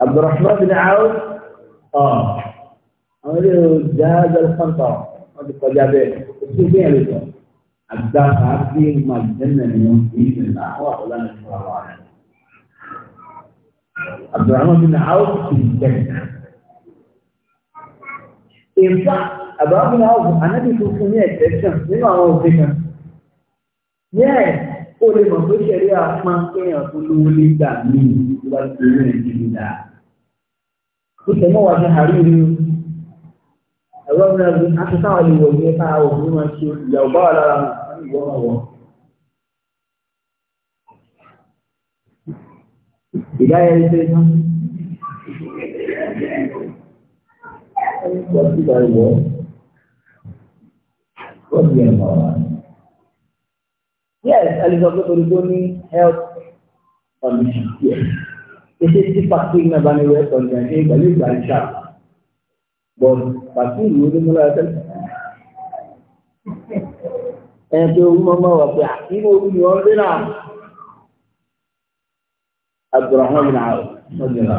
abdulrahman náà áwọ̀ ọ̀ àwọn ilé ìjáàzà lọ́kàntà wọ́n ti kọjá bẹ́ẹ̀ kò sí ìgbéyàn lè sọ àgbà àbí màjẹ́nà ni wọ́n fi ń sìn náà wọ́n àkọlá ní ìfọwọ́ àwọn àrẹ. abdulrahman náà áwọ̀ ti jẹ́ in fact abdulrahman náà áwọ̀ anábì tuntun ní ẹ̀sẹ̀ sàn nínú àwọn òfin kan. yẹ́ẹ̀ ó lè mọ̀ pé ṣẹ̀rí àpọn kéèyàn tó lówó lé gbà mí tó bá ti rí rẹ̀ kiri dà. ó tẹ̀ mọ́ wá sí àríwí ẹ̀rọ mi náà bí aṣọ táwọn lè wọ̀ yẹ ká òfin máa ṣe ìyàwó bá wà lára wọn ìwọ máa wọ̀. ìdáyẹ ilé náà. Wọ́n ti bá ìwọ̀. Wọ́n ti ẹ̀ mọ̀ wá. Yes, Elizabeth Origoni health condition. Yes. It is the náà bá ní wẹ́ kọ̀ǹtà ní pẹ̀lú But vaccine ló ní múlá ẹ̀fẹ́. Ẹni pé owó máa wà pé àkíní owó ni But efe eni pe owo maa wa dínà. Abdulrahman bin Awo, wọ́n dínà.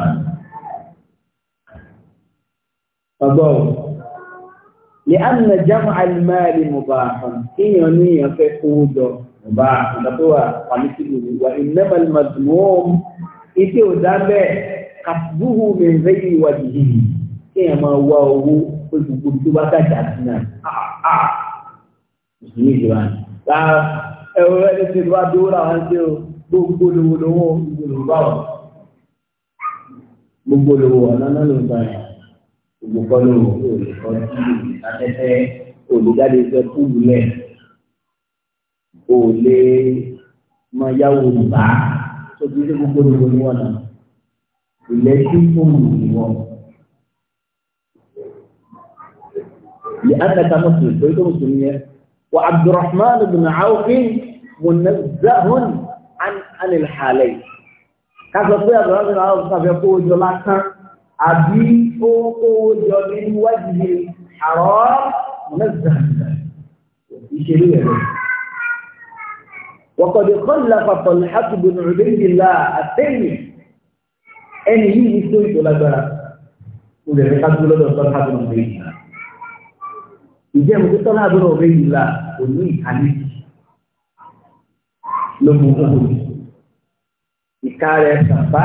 Ọgbọ́n. Lè ànà jámà àlùmáàlì mùbàrà kan, kíyàn ní ìyàn mubah nǹkan tó wà pàmísìlì ní wa innamal mazmum ife ò dá bẹ́ẹ̀ kàbúhù min ghairi wajhihi kí ẹ̀ máa wá owó pé gbogbo tó bá dàjà sí náà áà mùsùlùmí ìjọba ni. láà ẹ̀rọ ẹni tí wàá dúró làwọn ṣe o gbogbo lówó lówó gbogbo lówó báwọ̀ gbogbo lówó ọ̀nà náà ló ń bá yẹn gbogbo kọ́ lówó olùkọ́ tí olùkọ́ tẹ́tẹ́ olùjáde fẹ́ kúlù ò lè mọ yáwó bá tó fi ṣe gbogbo gbogbo ní wọn náà ilẹ̀ tí kò mú ní wọn. لأنك مسلم فإنت مسلم وعبد الرحمن بن عوف منزه عن عن الحالين kásọ pé àbúrò mi náà sàfẹ́ kó o jọ lásán àbí ó kó o jọ ní wájú àrọ́ mẹ́sàn-án ìṣèlú rẹ̀. وقد خلف طلحة بن عبيد الله التيمي ẹni yìí ní tó ìjọ lágbára ó lè rí kájú lọ́dọ̀ tọ́lá àbúrò ọ̀bẹ yìí la ìjẹ́ mo tó tọ́lá àbúrò ọ̀bẹ yìí la kò ní ìkàlẹ́ ló mú kúrò ìka rẹ̀ sàbá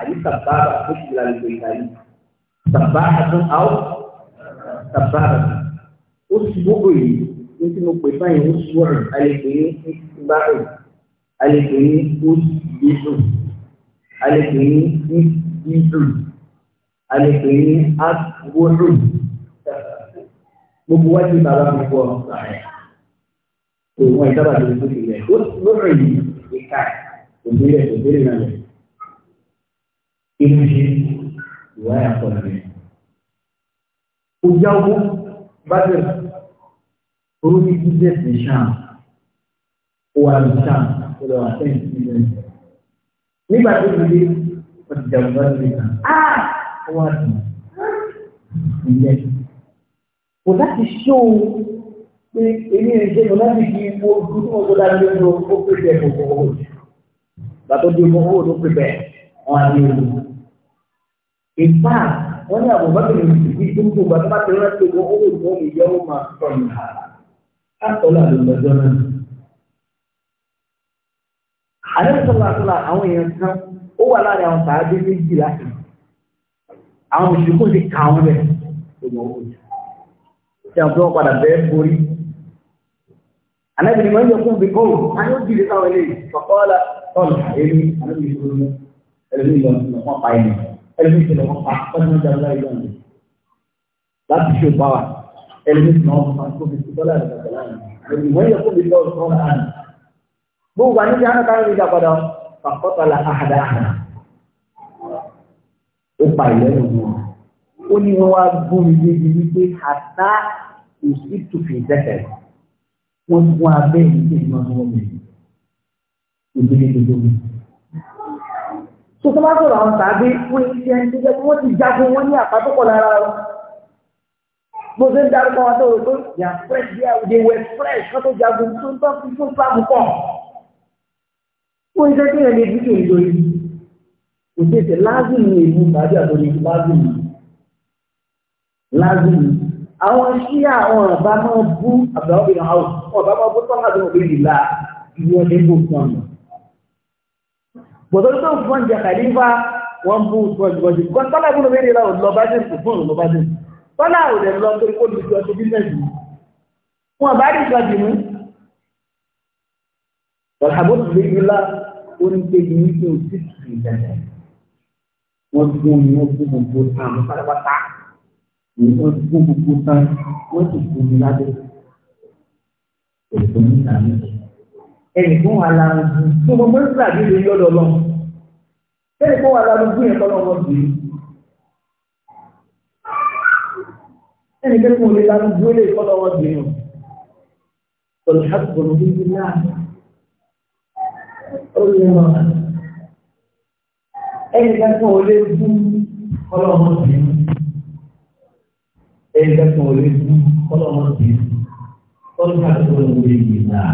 àbí sàbá tó ti la lè ka yìí sàbá àtún àwọn sàbá ó sì gbogbo yìí ní tí mo pè fáyìn ní ṣùgbọ́n àlepè ní báyò àlepè ní oṣù àlepè ní ìdù àlepè ní agbóró gbogbo wájú bàbá gbogbo ọ̀rọ̀ sàrẹ̀ òun ìdábà lórí tó ti lẹ̀ lórí yìí ìka òbílẹ̀ òbílẹ̀ náà lẹ̀ inú ṣe ìwáyà pọ̀ lẹ̀. Ojáwó bá bẹ̀rẹ̀ ó ní business ní sham ó wà ní sham ó lọ wà ten business nígbà tó ti dé ó ti jà bùbá lórí kan á ó wà sí ìyẹn kò láti ṣó o pé èmi rẹ̀ ṣe kò láti fi ipò ojú tó kọ́kọ́ dáa lórí o ó pè bẹ́ẹ̀ kò kọ́kọ́ gbàtọ́ di ọmọ owó tó pè bẹ́ẹ̀ wọn á ní ewu in fact wọ́n ní àbùbá tó lè fi gbígbó gbogbo àti bá tẹ̀lé láti ọmọ owó tó ń yẹ ọmọ àtọ́nù àrà àtọ́lá ló lọ́jọ́ náà. àdébùsọ̀lá àwọn èèyàn kan ó wà láàrin àwọn sàájú méjì láti àwọn òṣìkò ti kà wọ́n rẹ̀ lọ́wọ́ òjò tí àwọn tó wọ́n padà bẹ́ẹ̀ borí. àlẹ́bìnrin máa ń yọkún bí bọ́ọ̀lù oh, a yóò dìde táwọn eléyìí fọ́kọ́lá tọ́lù èmi àlẹ́bìnrin tó lọ́wọ́ ẹlẹ́bìnrin lọ wọ́n pa ẹ̀yìn ẹlẹ́bìnrin tó lọ́wọ́ pa ọdún mẹ́ta láì láti ṣe òpáwà ẹlẹ́mìtì náà wọ́n máa ń tóbi sí dọ́là ìgbàgbọ́lá yìí lórí semua yẹn kó mi lọ sọ ọ́nà àná. gbogbo àníjẹ anáka ń rìn àpàdà pàkọ́tàlà àhàdà àhàdà. ó pa ìlẹ́nu wọn ó ní wọn wá gún mi débi wípé àtà òsì tùfì dẹ́kẹ̀ wọ́n gún abẹ́ ìdíje náà ní wọ́n mi ìdílé gbogbo mi. tó tó bá sọ̀rọ̀ àwọn tàbí wọ́n ti ṣe ẹni tó jẹ́ wọ́n ti jagun wọ́n ní àpapọ̀ lára wọn bó ṣe ń tu wa tó fresh dia i they fresh atau jagung jagun tó ń tọ́ Mungkin saya tidak kọ́. fún iṣẹ́ kí ẹ̀ lè bí kì í lórí kò ṣe ṣe lázìm ní èyí tàbí àtòlè lázìm lázìm àwọn ṣíà àwọn àbá máa bú àbáwọ̀ bìnrin àwọn ọ̀bá máa bú tọ́lá tó ń gbé ìlà ìwọ̀n ní gbogbo ọ̀nà bọ̀dọ̀ tó ń fún ọ̀njà kàlífà wọ́n bú fún ọ̀njà kọ́ńtàlá ìbúlọ̀ Bọ́lá ò rẹ̀ lọ torí kó lè jọ ṣe bísẹ̀sì. Wọ́n bá rí ìjọ dìmú. Bọ̀dàbó ti lè yí lá orí pé ní ní òsì tì ìdẹ̀rẹ̀. Wọ́n gún ní wọ́n gún gbogbo tán pátápátá. Wọ́n gún gbogbo tán wọ́n sì gún mi lábẹ́. Èso ní ìdáná. Ẹnì fún wa la ń gún. Gbogbo mọ́tò àbí lè yọ̀ lọ́lọ́. Bẹ́ẹ̀ni fún wa la ń gún yẹn tọ́lọ́ ẹni pé kò lè lánàá dúró lè kọ́ lọ́wọ́ bínú pẹ̀lú ṣàkóso bíbí náà ó lè mọ̀ ẹni pé kò lè dú kọ́ lọ́wọ́ bínú ẹni pé kò lè dú kọ́ lọ́wọ́ bínú pẹ̀lú ṣàkóso bíbí náà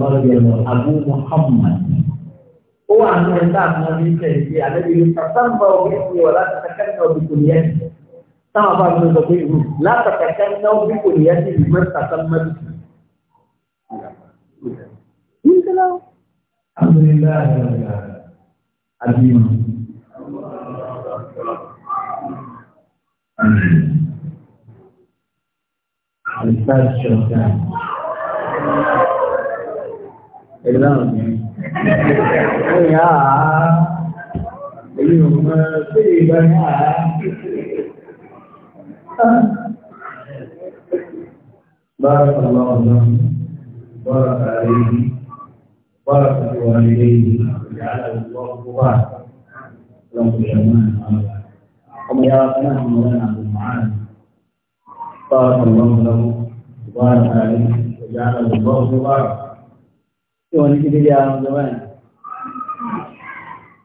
rọ́ọ̀dì ẹ̀rọ Abu Muhammad. هو عن من تعب ما بيسعي في عدد táwọn bá gbé gbogbo ìlú látàkà kẹ́ńtà bí kò ní ẹtì ìlú mẹ́ta kan mẹ́ta. Nígbàlá. Amúlélá àgbàlá àbímọ. Àlùfáà ṣọ̀gá. Ẹ̀rọ mi. Ẹ̀yà. Èyí ò mọ pé ìgbà yà á. بارك الله له بارك عليه بارك لوالديه وجعله الله مبارك له جميعا ومن يرحمه مولانا عبد المعاد بارك الله له بارك عليه وجعله الله مبارك يوم الجمعة يا رمضان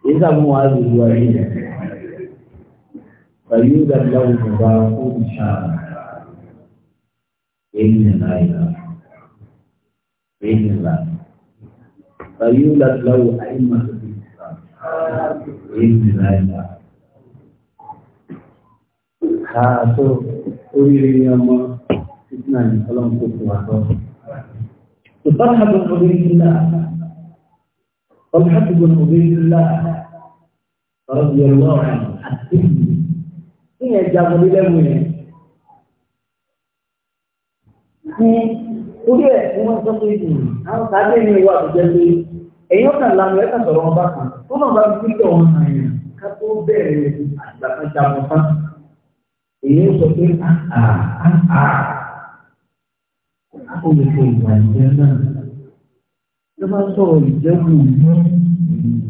إذا مواظب وعيدا فيوجد له مباركون إن بإذن الله بإذن الله فيوجد له أئمة في الإسلام بإذن الله خاصو قولي لي يا ما اثنان سلام كنت وطلحه بن عبيد الله طلحه بن الله رضي الله عنه yẹn jagun ní lẹ́nu yẹn. Ní orí ẹ̀ ni wọ́n sọ pé hmm, àwọn sáájú ẹni wà tó jẹ́ pé ẹ̀yìn ọ̀kan lanu ẹ̀ kàn sọ̀rọ̀ wọn bá kan tó náà bá fi tẹ̀ wọn hàn yẹn ká tó bẹ̀rẹ̀ àgbàkan jagun tán. Èyí sọ pé olùkọ́ ah, ah, ah, ìwà ìjẹ́ náà ló máa ń sọ̀rọ̀ ìjẹ́kù ní ìlú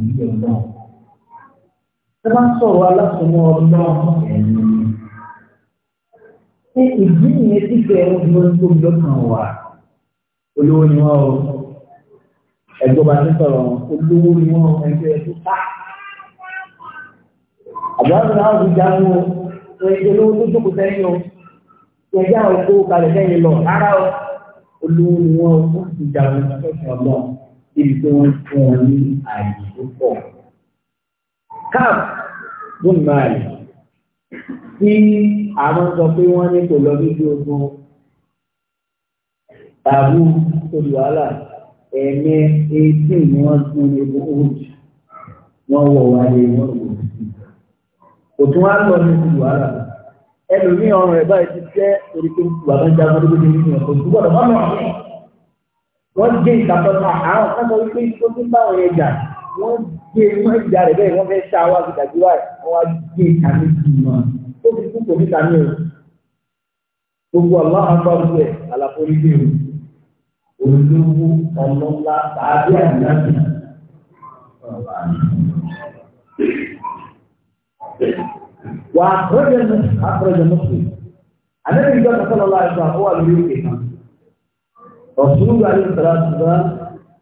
ìjẹ́ náà. Ṣé bá ń sọ̀rọ̀ aláṣọmọ ọlọ́run? Ṣé ìdí nìyẹn tí kẹ́ ẹ̀rọ ti wọ́n tó gbọ́ kan wà? Olówó ni wọ́n o. Ẹ̀gbọ́n bá ti sọ̀rọ̀ olówó ni wọ́n ẹgbẹ́ ẹ̀kú ká. Àgbàdo náà ti jáwó ẹgbẹ́ olówó tó jókòó sẹ́yìn o. Ìyẹ̀já òkú kalẹ̀ sẹ́yìn lọ rárá o. Olówó ni wọ́n o ti jáwó ẹgbẹ́ ọlọ́run. Ibi tí wọ́n fún ọ ní àyè tó pọ̀ cap ló ń máa rẹ̀ tí àwọn sọ pé wọ́n ní kò lọ níbi ogun tàbí olùwàlà ẹ̀mí eighteen ni wọ́n tún ní ogun wọ́n wọ̀ wáyé wọ́n wò ó tún wá lọ ní olùwàlà ẹlòmíì ọrùn rẹ̀ báyìí ti jẹ́ orí pé bàbá ń jagun lóko ní ìgbìmọ̀ kò túbọ̀ lọ́wọ́ lọ́wọ́ wọ́n gbé ìtàkọ́ta àwọn akẹ́kọ̀ọ́ wípé tó ti bá wọn yẹn jà wọ́n gbé mọ́ e ìjà rẹ̀ bẹ́ẹ̀ wọ́n fẹ́ ṣá wá sí gàdúrà wọ́n wá gbé e kàmí sí i mọ́ ó fi kú kò ní kàmí o gbogbo àwọn àgbàdo ẹ̀ àlàfo ilé o olówó ọmọ ńlá tàbí àyàfi. wà á kọ́jọ́ ní àkọ́jọ́ mọ́tò àdébìyí gbọ́dọ̀ sọ́lọ́lá ẹ̀ka ó wà lórí òkè kan ọ̀sùn ìgbà yóò tẹ̀lé àtúntà.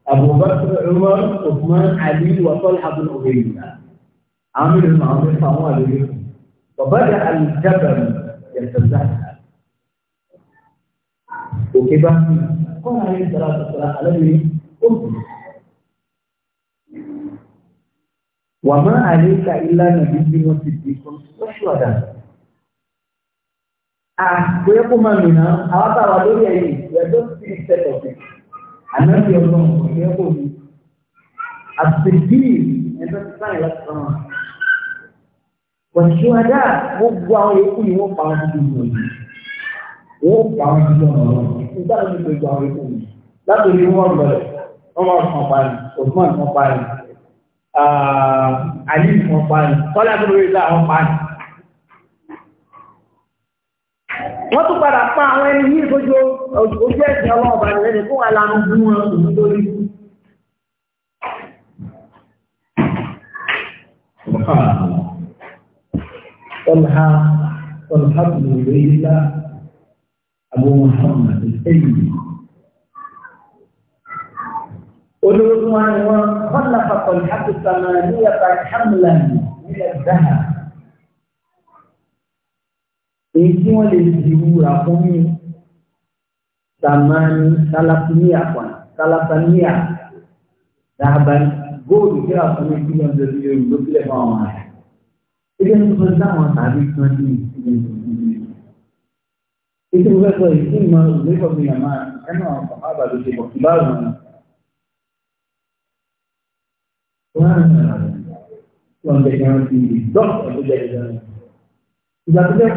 أبو بكر عمر عثمان علي وطلحة بن عبيدة عامل المعروف هو عليهم وبدأ الجبل يتزحزح وكيف قال عليه الصلاة والسلام عليه قلت وما عليك إلا نبي وصديق وشهداء Ah, voy a comer, ¿no? Ahora في la ya ànábì ọlọ́run kò yẹ kó mi àbẹ̀dìrì ẹ̀dọ́ ti sáyẹn láti sọ wọn. Pọ̀ṣù adá wọ́n gbọ́ àwọn yòókù ni wọ́n pa wọn sí ìlú yìí. Wọ́n pa wọn sí ìlú ọ̀rọ̀. Nígbà tó ti gbọ́ àwọn yòókù mi. Láti orí wọn lọlẹ̀, wọ́n máa fọ́n parí, Osman fọ́n parí, ah, Ali fọ́n parí, Tọ́lá tó lórí ìlà wọn parí. Wọ́n tún padà pa àwọn ẹni yìí lójoo. ojú ẹ̀sìn ọwọ́ ọba rẹ̀ lẹ́nu fún alánú fún wọn òun lórí. Ọlha Ọlha bùrù ìlà Abu Muhammad ẹ̀yìn. Olówó tí wọ́n ní wọ́n wọ́n lọ pàpọ̀ ní Akísàmà ní ẹ̀ka Hamlan ní ẹ̀dáhà. Èyí tí wọ́n lè fi wúra fún mi. Taman Salafnia kan, Salafania. Sahabat gold kira sama dia yang beli yang beli mama. Itu yang pertama tadi nanti. Itu juga kalau itu mau mereka punya mana, kan apa apa tu dia berkibar mana. Tuhan, Tuhan di dok atau jadi. Tidak tidak.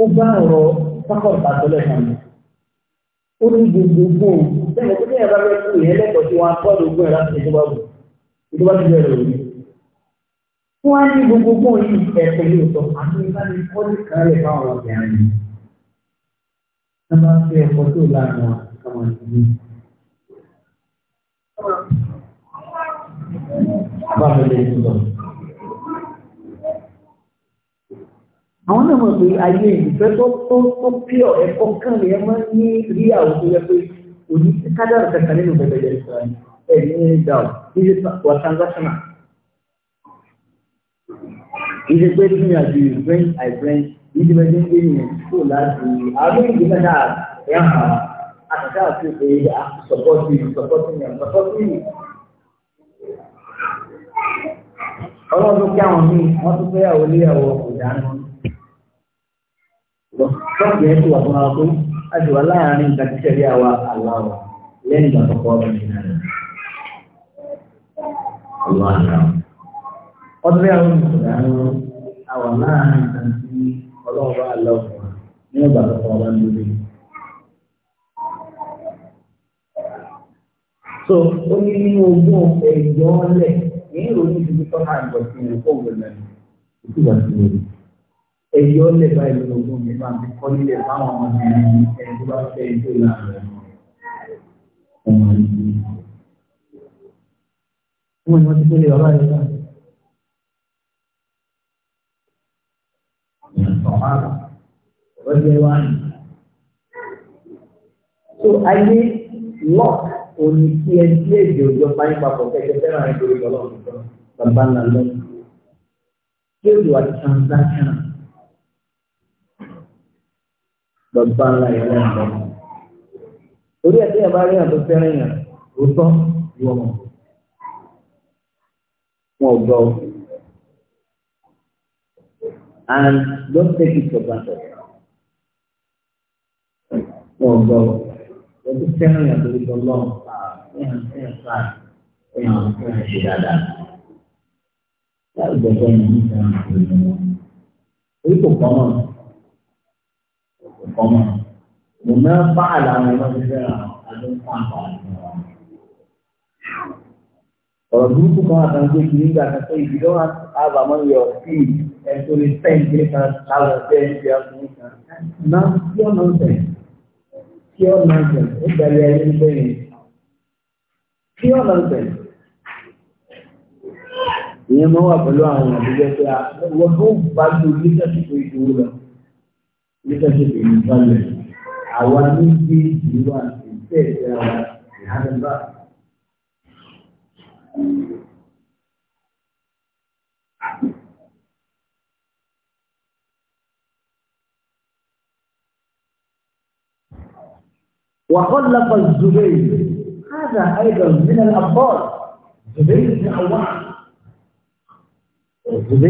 Ubah roh sọ́kọ̀ ìbàtọ́lẹ̀ kan ní. ó ní gbogbogbò lẹ́yìn tó kéèyàn bá fẹ́ kú ìyẹn lẹ́kọ̀ọ́ tí wọ́n á tọ́ lógún ẹ̀ láti ìjọba bù ìjọba ti bẹ̀rẹ̀ òní. wọ́n á ní gbogbogbò yìí ẹ̀kọ́ yóò sọ àti ìbáni kọ́lé kan lè fáwọn ọ̀gbìn Nama fi ẹ̀kọ́ tó lánà kama ìlú. Báwo àwọn náà mọ̀ pé ayé ìfẹ́ tó tó tó pure ẹ̀kọ́ kan lè mọ́ ní rí àwọn tó yẹ pé òní kádàrà kẹta nínú bẹ̀rẹ̀ yẹn sọ ẹ̀ ní dáwọ̀ ìṣe wà transactional. ìṣe pé kí ni àjò ìbẹ́ń àìbẹ́ń ìdí bẹ́ẹ̀ ní ènìyàn kò láti àwọn ìdí mẹ́ta ẹ̀ hàn àtàkà àti pé sọ̀pọ̀tì sọ̀pọ̀tì yẹn sọ̀pọ̀tì yìí. ọlọ́run kí àwọn trump yẹn ti wà fún wa pé a ti wà láàrin nǹkan tí sẹ́rí àwa aláwọ̀ lẹ́yìn ìgbà tó kọ́ ọdún yìí náà. ọdún yàrá òun kò dáná àwọ̀ láàrin nǹkan tí ọlọ́run bá aláwọ̀ ní ìgbà tó kọ́ ọdún yìí. so ó ní ní ogún ẹ̀yọ́ lẹ̀ ní ìròyìn ìdílé tó máa ń gbọ̀ sí ìrìnkó òun lẹ́nu ìtúwàsí lórí ẹyọ lè bá ìlú ogun mi máa fi kọ́ nílẹ̀ báwọn ọmọ mi ní ẹni tó bá fẹ́ ìjọ láàrin ọmọ yìí. Wọ́n ní wọ́n ti gbélé bàbá rẹ̀ náà. Ọ̀mára, ọ̀rọ̀jẹ̀ wa ni. So ayé lọ́ọ̀k òní kí ẹ sí èdè òjò báyìí papọ̀ kẹ́kẹ́ fẹ́ràn ẹ̀ lórí ọlọ́run tó bàbá ńlá lọ́wọ́. Kí o lò àti transaction bàbá ńlá ìwọ ọ̀dọ́. Orí ẹ̀ tí ẹ̀ bá rí àtò fẹ́ràn yàn, ó tọ́ ìwọ mọ̀. Wọ́n gbọ́. And don't take it for granted. Wọ́n gbọ́. Wọ́n ti fẹ́ràn yàn lórí ọlọ́ ẹ̀yàn fẹ́ràn fáà ẹ̀yàn fẹ́ràn ṣe dáadáa. Láì gbọ́dọ̀ ní ìdáhùn ìgbìmọ̀. Orí kò kọ́ náà kò mọ̀ mo náà bá àlànà ìwà fífẹ́ ra àdúgbò pàǹpà nínú wa. ọ̀rọ̀ burúkú kan àtàwọn tó kiri nígbà kan pé ìdílé wa sábà máa ń yọ sí ẹ̀sùn ní pẹ́ǹtì kan sábà bẹ́ẹ̀ ń bẹ́ẹ̀ fún kan. náà tí ó máa ń tẹ̀ tí ó máa ó bẹ̀rẹ̀ ẹni bẹ́ẹ̀ tí ó máa ń tẹ̀ ìyẹn máa wà pẹ̀lú àwọn àdúgbò pé ah, wọ́n tó bá tó ní ìdúró lọ. لتجد ان يصلح عوامل في هذا الباب وخلق الزبير هذا ايضا من الابطال زبير بن عوام